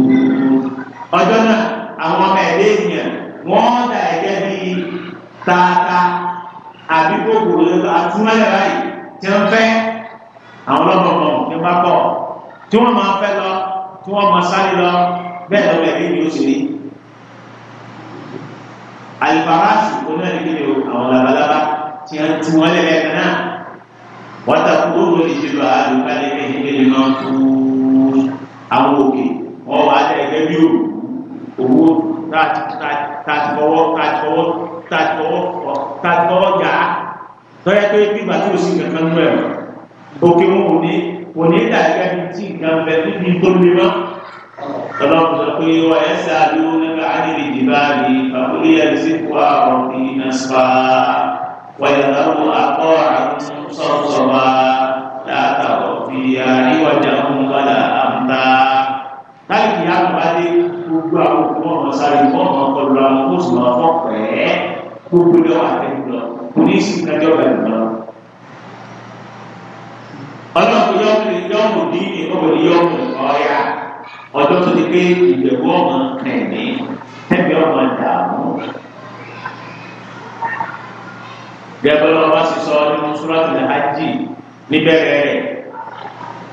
ọjọ́ náà àwọn ọmọ ẹ̀dẹ́ ènìyàn wọ́n dà ẹ̀jẹ̀ bíi tata àbí gbogbo àtúmọ̀lẹ̀ báyìí tí wọ́n fẹ́ àwọn ọlọ́mọ̀mọ̀ ní wọ́n bọ̀ tí wọ́n máa fẹ́ lọ tí wọ́n máa sáré lọ bẹ́ẹ̀ lọ́wọ́ ẹ̀dẹ́ ènìyàn ó sì rí àlùfáàsì onílẹ̀ nígbè àwọn labalábá tí oh, oh, a ti wọ́n lé lẹ́ka náà wọ́n ta kó ló lè ṣe lọ àdúgbò alẹ́ ní ìdílé náà fún àwọn òkè ọwọ́ alẹ́ ẹgbẹ́ bí òwú tàti fọwọ́ tàti fọwọ́ tàti fọwọ́ tàti fọwọ́ yá tọ́yẹ́ pé bíbá tí o sì kankan nú ẹ̀ òkè wọn kò ní kò ní dàgbà ní tí nǹkan bẹ níbi tó lé mọ́ tọ́lọ́mù sọ pé wà ẹ́ sáà ló nípa ánìlì dìbà ní àkúrẹ́yà ìsìnkú àwọn ìnáṣà. ويذروا أقواعا صرصرا لا ترى فيها عوجا ولا أمتا láti yá pàdé gbogbo àwọn òkú ọmọ sáré fọmọ ọpọlọ àwọn oṣù náà fọpẹ gbogbo lọ́wọ́ àtẹnudọ kò ní sí ìdájọ́ bẹ́ẹ̀ lọ. ọlọ́run yọ ọmọ ìjọ ọmọ ní ìkọ̀wé yọ ọmọ ọ̀yà ọjọ́ tó ti pé ìbẹ̀wò ọmọ kẹ̀mí ẹ̀mí ọmọ dààmú gẹ́gẹ́ lọ́wọ́ bá sì sọ nínú súrọ́tì ní hajj níbẹ̀rẹ̀ rẹ̀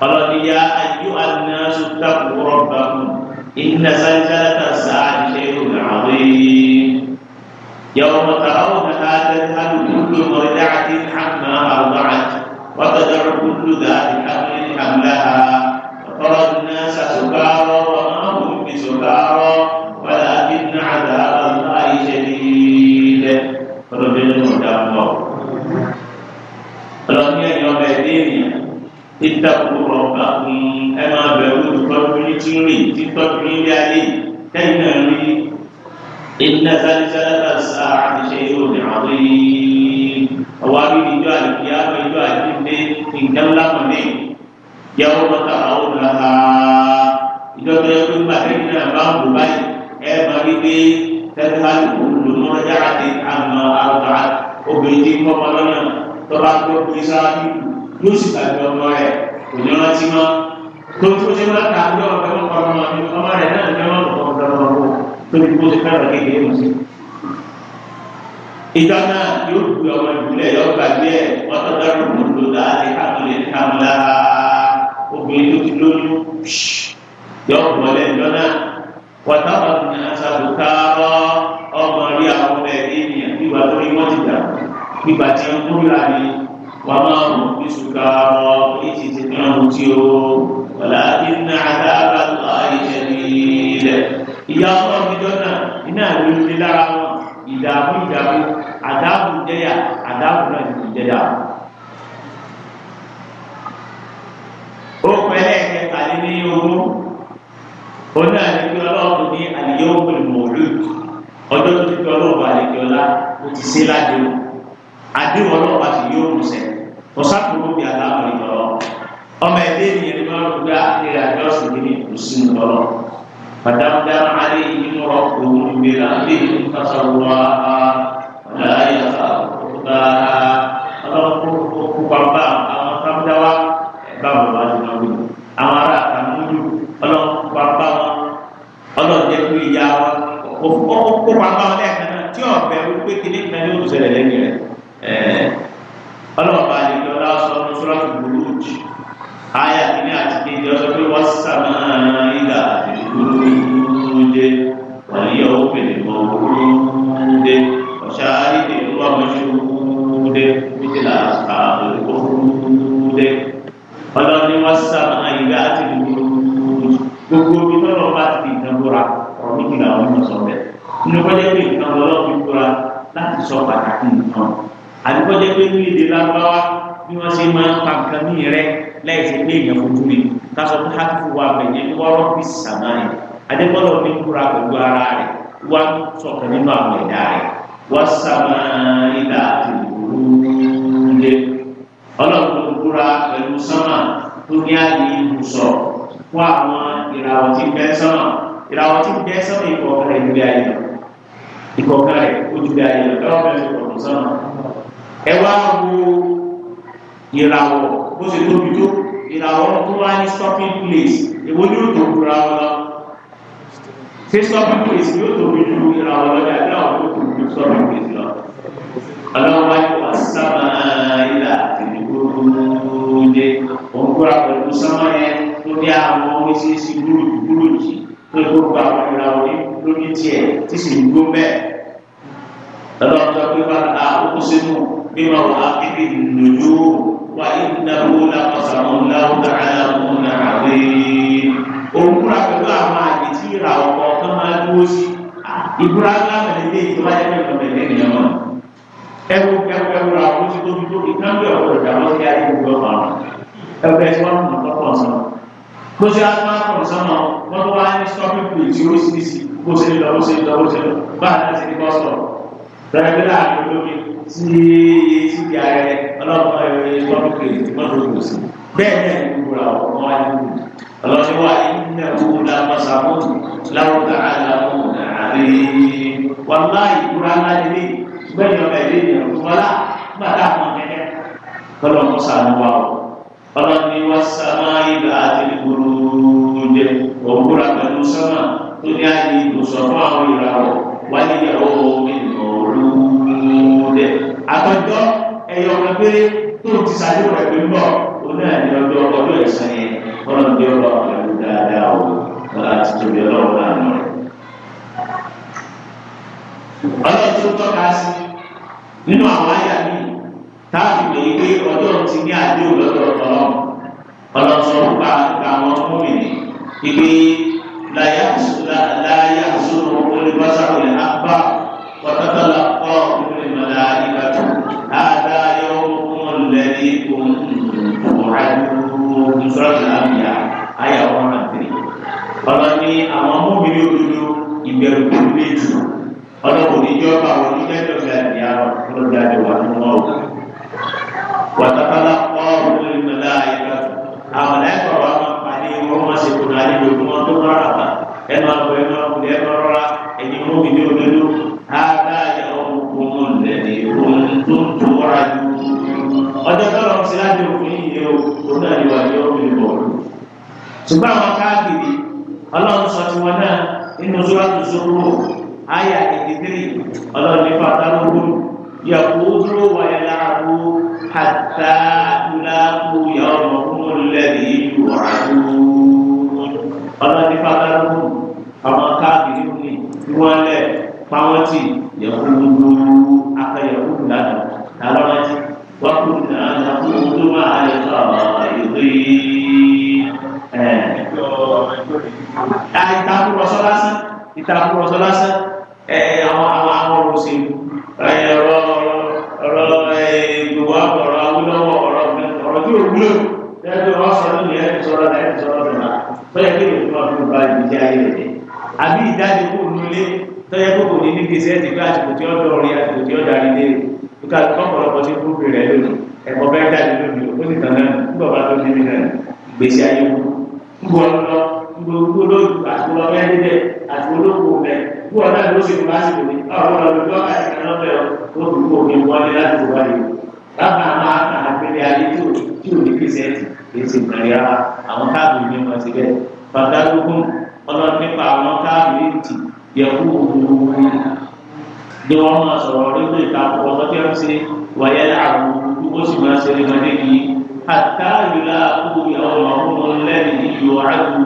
ọlọ́díyá ayú anáṣu dákú rọ́bà kù iná sáńtàlátà sáà ṣe ìròyìn àwọn èèyàn yàwó mọ̀tà àwọn ọ̀nà àdàlù kúlù mọ̀rẹ́dàtì àmà àwọn àti wàtàdà kúlù dàdí àmì àmàlà ọ̀rọ̀ náà sàṣùkárọ̀ wọn àwọn òbí sọ̀kárọ̀ wàlá bí nàdà àwọn àìṣẹ́ nílẹ̀ ọ̀rọ̀ bẹ́ẹ̀ ni mo dà pọ̀ ọlọ́ni ẹ̀yìn ọmọ ẹ̀ léèyàn títà kúrò ọba ẹ máa bẹ̀rù olùtọ́jú ní tí ń rè títọ́jú nílé ayé tẹ́yìn náà rí iná sálísálátà sáà àtìṣe yóò dé àwọn yìí ọwọ́ àbíbi ìjọ àdìgbì àwọn ìjọ àdìgbì nǹkan lámọ̀lẹ́ yàwó mọ́tà àwọn ọ̀làhà ìjọba yẹn tó gbà tẹ́yìn náà bá ń bò báyìí ẹ máa rí pé tẹ́tẹ́ bá ti kú lòmọ́ yára ti àmọ́ àrùbá obìnrin tí ń kọ́ ọmọ lọ́nà tọ́ba tó kú sáájú yóò sì gbàgbé ọmọ rẹ̀ kò ní rántí mọ́ tó tó ṣe máa ta ní ọ̀rọ̀ ẹ̀wọ̀n kan ọmọ mi ọmọ rẹ̀ náà ní ọmọ ọ̀pọ̀ ọ̀dọ́ ọmọ wọn tó ní kó ṣe fẹ́ràn kékeré mọ̀ sí. ìjọ náà yóò gbé ọmọ ìbílẹ̀ yọ gbàgbé ẹ̀ wọ́n tó dárò lòdò láti káàkiri káàmúlá obìnrin tó ti lóyún yọ gbọ́lẹ̀ ìjọ náà wọ́n táwọn ọmọ ìgbà tó káàrọ̀ ọmọ rí àwọn ọmọ ẹ̀ gbígbà tí ń kúrò láti wà máa mú bí ṣùgbà ọ ètí ti ní ọ̀hún tí ó wàlá bí ní àdáàbà lọ ìṣẹ̀ ní ilẹ̀ ìyá ọmọ mi dọ́nà iná ìlú ilé lára wọn ìdààmú ìdààmú àdáàbò jẹyà àdáàbò náà ìdìbò jẹyà. ó pẹ́lẹ́ kẹta lé ní ogún oní àlejò ọlọ́run ní àlejò òkèlè mọ̀ọ́lù ọjọ́ tó ti fi ọlọ́run àlejò ọlá ó ti ṣe ládéwò àdéhùn ọlọ́pàá sì yóò mú sẹ ọsàkùnrin bíi aláwọ̀ ìtọ́lọ́ ọmọ ẹ̀dẹ́ ènìyàn ni wọ́n gbé àkèrè àjọsìn nínú ìkùsí ìtọ́lọ́ pàdánù alẹ́ yìí mú ọkọ̀ ìgbéra lé kásánwó ọ̀làyà ọ̀gá ọlọ́kùnkùn pàmpá àwọn sábúdáwá ẹ̀bá bàbá àdúgbò àwọn ará àtàmúlù ọlọ́kùnkùn pàmpá wọn ọlọ́jẹ́ kú ìyá wọn kó pàmpá wọn lẹ́ẹ̀kan náà tí ọ̀bẹ̀ wípé kíní kan yóò ṣẹlẹ̀ lẹ́yìn rẹ̀ ọlọ́ọ̀bá àlejò ọlá sọ ní sọ́lọ́tù burúkú ayé àkíní àti kejì ọsọ pé wọ́n sàmà ìdá ìgbòrúdé wàlíyà òpèlè mọ̀ọ́rúdé ọ̀ṣà ìdè ìwọ́mọṣúdé nígbà àbòrúdé ọlọ́ni wọ́n sàmà ìdá àti ìgbòrúdé gbogbo omi tọ́lọ̀ bá ti fi nǹkan bóra ọ̀rọ̀ méjìlá ọ̀rọ̀ mọ̀sọ̀ bẹ́ẹ̀ nínú kọ́jà pé nǹkan ọlọ́ọ̀bí bóra láti sọ pàtàkì nǹkan àdìgbọ́jẹ́ pé ní èdè lágbáwá bí wọ́n ṣe máa ń pa nǹkan ní rẹ láìsí pé èèyàn fojú rẹ̀ káṣọ fún hákìfù wa bẹ̀yẹ ní wọ́rọ́ bí sàmà rẹ̀ adébọ́lọ̀ ní kúra pẹ̀lú ara rẹ̀ wá sọ̀kan nínú àwọn ẹ̀dá rẹ̀ wá sàmà ìlà ìlúlé ọlọ́run kúra pẹ̀lú sánmà tó ní àyè ìbùsọ̀ fún àwọn ìràwọ̀ tí bẹ́ sánmà ìràwọ̀ tí bẹ́ sánmà ìkọ̀ọ̀kan rẹ̀ ìkọ̀ọ̀kan rẹ̀ ojú ẹ wá wo ìràwọ̀ bó ṣe tóbi tó ìràwọ̀ tó wá ní stopping place èwo ni ó tóbi ra wọn lọ ṣé stopping place yóò tóbi ju ìràwọ̀ lọ yàtọ̀ àwọn tó tóbi ju stopping place lọ. ọlọ́wọ́ wáyé wà sábà ilà tèmi gbogbo ilé òun kóra pẹ̀lú sánmọ́ yẹn tó ní àwọn oríṣiríṣi gbúròjì gbúròjì tó lè gbogbo àwọn ìràwọ̀ yìí lórí tiẹ̀ tí sì ń gbó bẹ́ẹ̀. ọlọ́wọ́ tó wá pé wà a kókó sínú. بمواقف النجوم وإنه لقسم له تعالى عظيم òwúrọ̀ pẹ̀lú àwọn àyè tí ìrà ọ̀pọ̀ kan máa dúró sí ìbúra ńlá mẹ̀lẹ́dẹ́ ìjọba yẹn mẹ́fọ̀ mẹ́lẹ́ nìyẹn wọn. ẹwù ẹwù ẹwù àwọn oṣù tóbi tóbi káńbẹ̀ ọ̀pọ̀ ìjà lọ sí ayé gbogbo ọ̀pọ̀ àwọn ẹwù ẹ̀sìn wọn kùnà tọ́pọ̀ sọ́nà. bó ṣe aṣọ àpọ̀ sọ́nà wọn tó wá ní sọ́pìpù tí ó sì sí bó ṣe lọ bó ṣe lọ bó ṣe lọ bá àtàṣe ní bọ́sọ̀ sí síbi ààrẹ ọlọ́pàá ìròyìn lọ́dúnkè mọ́tò kò sí bẹ́ẹ̀ náà ní gbogbo àwọn ọmọ wa ní gbogbo ọlọ́sìn wa iná owó lápasàmú láwùjọ àlàmú àrí wọn bá ìkúra aládìrí gbẹ̀yìn ọmọ ẹ̀dẹ́ ìyẹn fún ọlá nígbà tá àwọn kẹ̀kẹ́ kọlọ̀ ń sàmú wa o ọlọ́ni wa sàmá ìgbà àti ìgboro jẹ òwúra pẹ̀lú sọ́mà tó ní àyè ìgbòsọ̀ fún àwọn ìràwọ̀ wáyé ìyàwó omi ìrọ̀lú. rẹ̀ àtọ́jọ́ ẹ̀yọ kan péré tó ti ṣàyẹ̀wò rẹ̀ pé ń bọ̀ òun náà ní ọjọ́ ọdún ẹ̀sán yẹn kọ́nà ní ọlọ́ pẹ̀lú dáadáa o kọ́nà àti tóbi ọlọ́run náà nù rẹ̀. ọlọ́run tó tọ́ka sí nínú àwọn àyà mi táàbù lè gbé ọjọ́ ti ní àdéhùn lọ́dọ̀ ọlọ́run ọlọ́run sọ nípa àwọn mọ́mìnì ìgbé láyà sùn láyà sùn olùbọ́sàkùnrin àbá ọ̀tọ̀tọ̀ àdúgbò ìsọ́ọ̀tì àbíyá àyà wọn àtẹ̀lé. ọlọ́ni àwọn mọ́bìnrin òdodo ìbẹ̀rù tó lé jù ọlọ́wọ́ oníjọ́ bá wọn ní lẹ́jọ́fẹ́ àbíyá lọ́dọ̀ àdéhùn àdúgbò ọ̀gá. wàtàkàlà kọ́ ọ̀hún lórí mẹ́lá àyíká àwọn ẹ̀kọ́ wa máa pàdé wọn máa ṣe kùnà àdébò kí wọ́n tó rárá bá ẹ máa bọ̀ ẹ máa kù ẹ máa rọra ẹ̀yin mọ́bìnrin òdodo ọjọ́ tó lọ sí láti òkú yìí yẹ òun náà ni wà ní ọ̀gbìn bọ̀. ṣùgbọ́n àwọn káàkiri ọlọ́run sọ ti wọn náà nínú sọ́ọ́tù sọ́wọ́ àyà ìdíbírì ọlọ́run ní fàtàlógún yàkó dúró wáyé láàbò àtà láàbò yà ọmọ fún lẹ́rìí ìlú ọ̀hún. ọlọ́run ní fàtàlógún àwọn káàkiri ní wọn lẹ yàkó dúró akẹ́yẹ̀wò lánàá وكنا نخوض مع الخائضين ìtàkùrọ̀sọ lásán ìtàkùrọ̀sọ lásán àwọn àwọn àwọn ọ̀rọ̀ òṣèlú ọ̀rọ̀ ọ̀rọ̀ gbogbo àpò ọ̀rọ̀ awúlọ́wọ́ ọ̀rọ̀ ọ̀rọ̀ tí ò wúlò lẹ́gbẹ̀ẹ́ ọ̀rọ̀ sọ̀rọ̀ ní ẹ̀ sọ̀rọ̀ ẹ̀ sọ̀rọ̀ nìyà tọ́yẹ kí ló fún ọdún bá nígbà tó ọ̀pọ̀lọpọ̀ tí kú bèrè lónìí ẹ̀kọ́ bẹ́ẹ̀ jáde lónìí ó sì tàn náà nígbà bá tó níbi náà gbèsè ayé wọn ńgbọ́ lọ ńgbọ́ lójú àti wọn bẹ́ẹ̀ níbẹ̀ àti olóko bẹ̀ kú ọ̀dà ló sì kú lásìkò ní ọ̀rọ̀ lọ lójú ọ̀kà ìkà náà bẹ̀ ó kú kó ní wọlé láti wọlé bàbá máa kà àgbélé ayé tí ò tí ò ní kìsẹ́ẹ̀tì kì í sì kàríyá àwọn káàbù ní wọn ti bẹ́ẹ̀ fàdágógún ọlọ́ọ̀nípa àwọn káàbù yìí ti yẹ kú òun ni wọn máa sọ̀rọ̀ nínú ìta àkọ́kọ́ sọtí ẹ ṣe wàyẹ àwọn olùkókó sì máa ṣe lẹnu ẹni yìí àtàlùlá kó ìyàwó ọmọ lẹ́yìn ìlú àdùn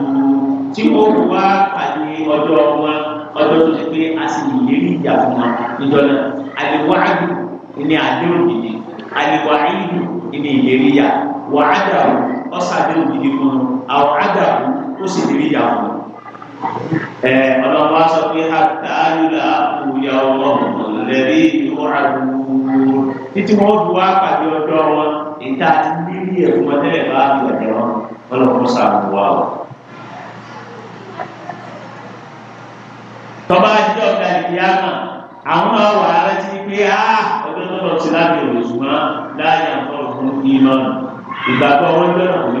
tí wọn kò wá pàdé ọjọ́ wọn ọjọ́ tó ti pé a sì lérí ìjà fún wa níjọ náà àlewà àdùn ìní àdéhùn ìdí àlewà ìlú ìní ìlérí yà wà á dàrú ọ̀sà àdéhùn ìdí fún wa àwọn á dàrú ó sì lérí ìjà fún wa ọlọ́run wá sọ pé àtàlùlà òòyà ọlọ́run lẹ́rí ìwọ àdúgbò títí wọ́n bu wá pàdé ọjọ́ wọn ìta àti nílí ẹ̀kú mọ́tẹ́lẹ̀ bá bu ẹ̀jẹ̀ wọn ọlọ́run sàmù wá o. tọ́ba àjọ ọ̀gá ìyáàmà àwọn àwọ̀ ara ti pé á ọjọ́ lọ́dọ̀ ti láti òwe ṣùgbọ́n láàyè àtọ́rọ̀ fún ìmọ̀ ìgbàgbọ́ wọn gbẹ́ràn òní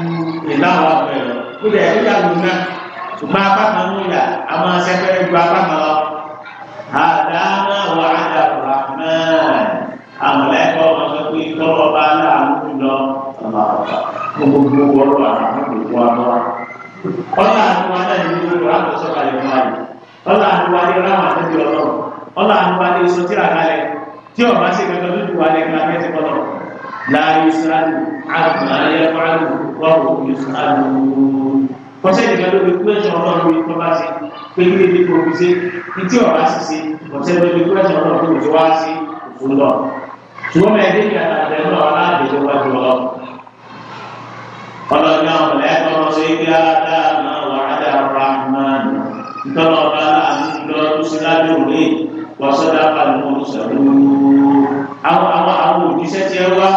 ìlà wà pẹ̀lú kó lè ẹ̀rí yà lù náà ṣùgbọ́n apá kan ló yà á máa sẹ́fẹ́rẹ́ ju apá kan lọ. àdáná wà á dà wà náà àwọn ẹ̀kọ́ ọmọ sọ pé tọ́lọ́ bá láàánú lọ gbogbo ọlọ́ àwọn olùkọ́ àbọ̀wá. ọlọ́ àdúrà náà ní gbogbo àkọsọ́ kalẹ̀ fún àyè ọlọ́ àdúrà ní ráwọn àtẹ́bí ọlọ́ ọlọ́ àdúrà ní sọtí àkálẹ̀ tí ọba ṣe kẹtọ́ lójú wa lẹ́gbẹ̀ẹ́ لا يسأل عما يفعل وهم يسألون kọsẹ́ ìdíkà ló fi kúrẹ́sì ọlọ́run ní tó bá ṣe pé kí lèdè kò fi ṣe kí tí ọ̀rá sì ṣe kọsẹ́ ló fi kúrẹ́sì ọlọ́run tó wá sí òfin lọ. ṣùgbọ́n mẹ́rin dé ní àtàtà ẹ̀rọ aláàbẹ̀jọ wá jù ọ. ọlọ́run náà wọ̀lẹ́ ẹ̀kọ́ ṣe é gbé adáàmà wàhálà rahman ọba lọ tó lábẹ́ òní wọ́n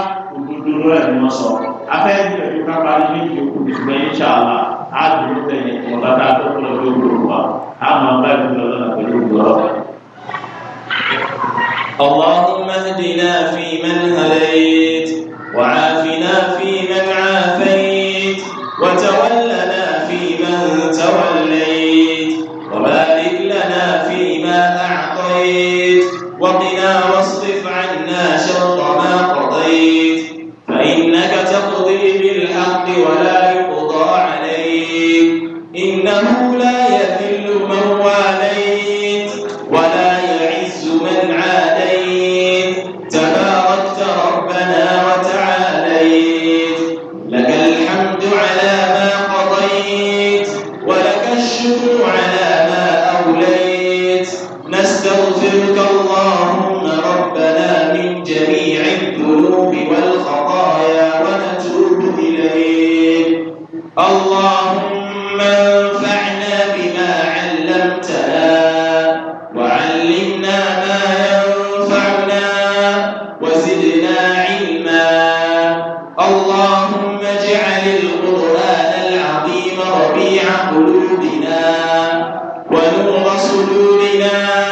òdodo rẹ̀ ni wọ́n sọ afẹ́ ìgbẹ̀jú kápá ní méjì òkú ìgbẹ́ ìṣàlá àdùnnú tẹ̀yìn ọ̀bá tá a tó kọ́ lọ́dọ̀ òwúrọ̀ wa àmọ́ bá ìgbẹ́ lọ́dọ̀ pẹ̀lú òwúrọ̀. اللهم اهدنا فيمن هديت وعافنا فيمن عافيت وتولنا صدورنا ونور صدورنا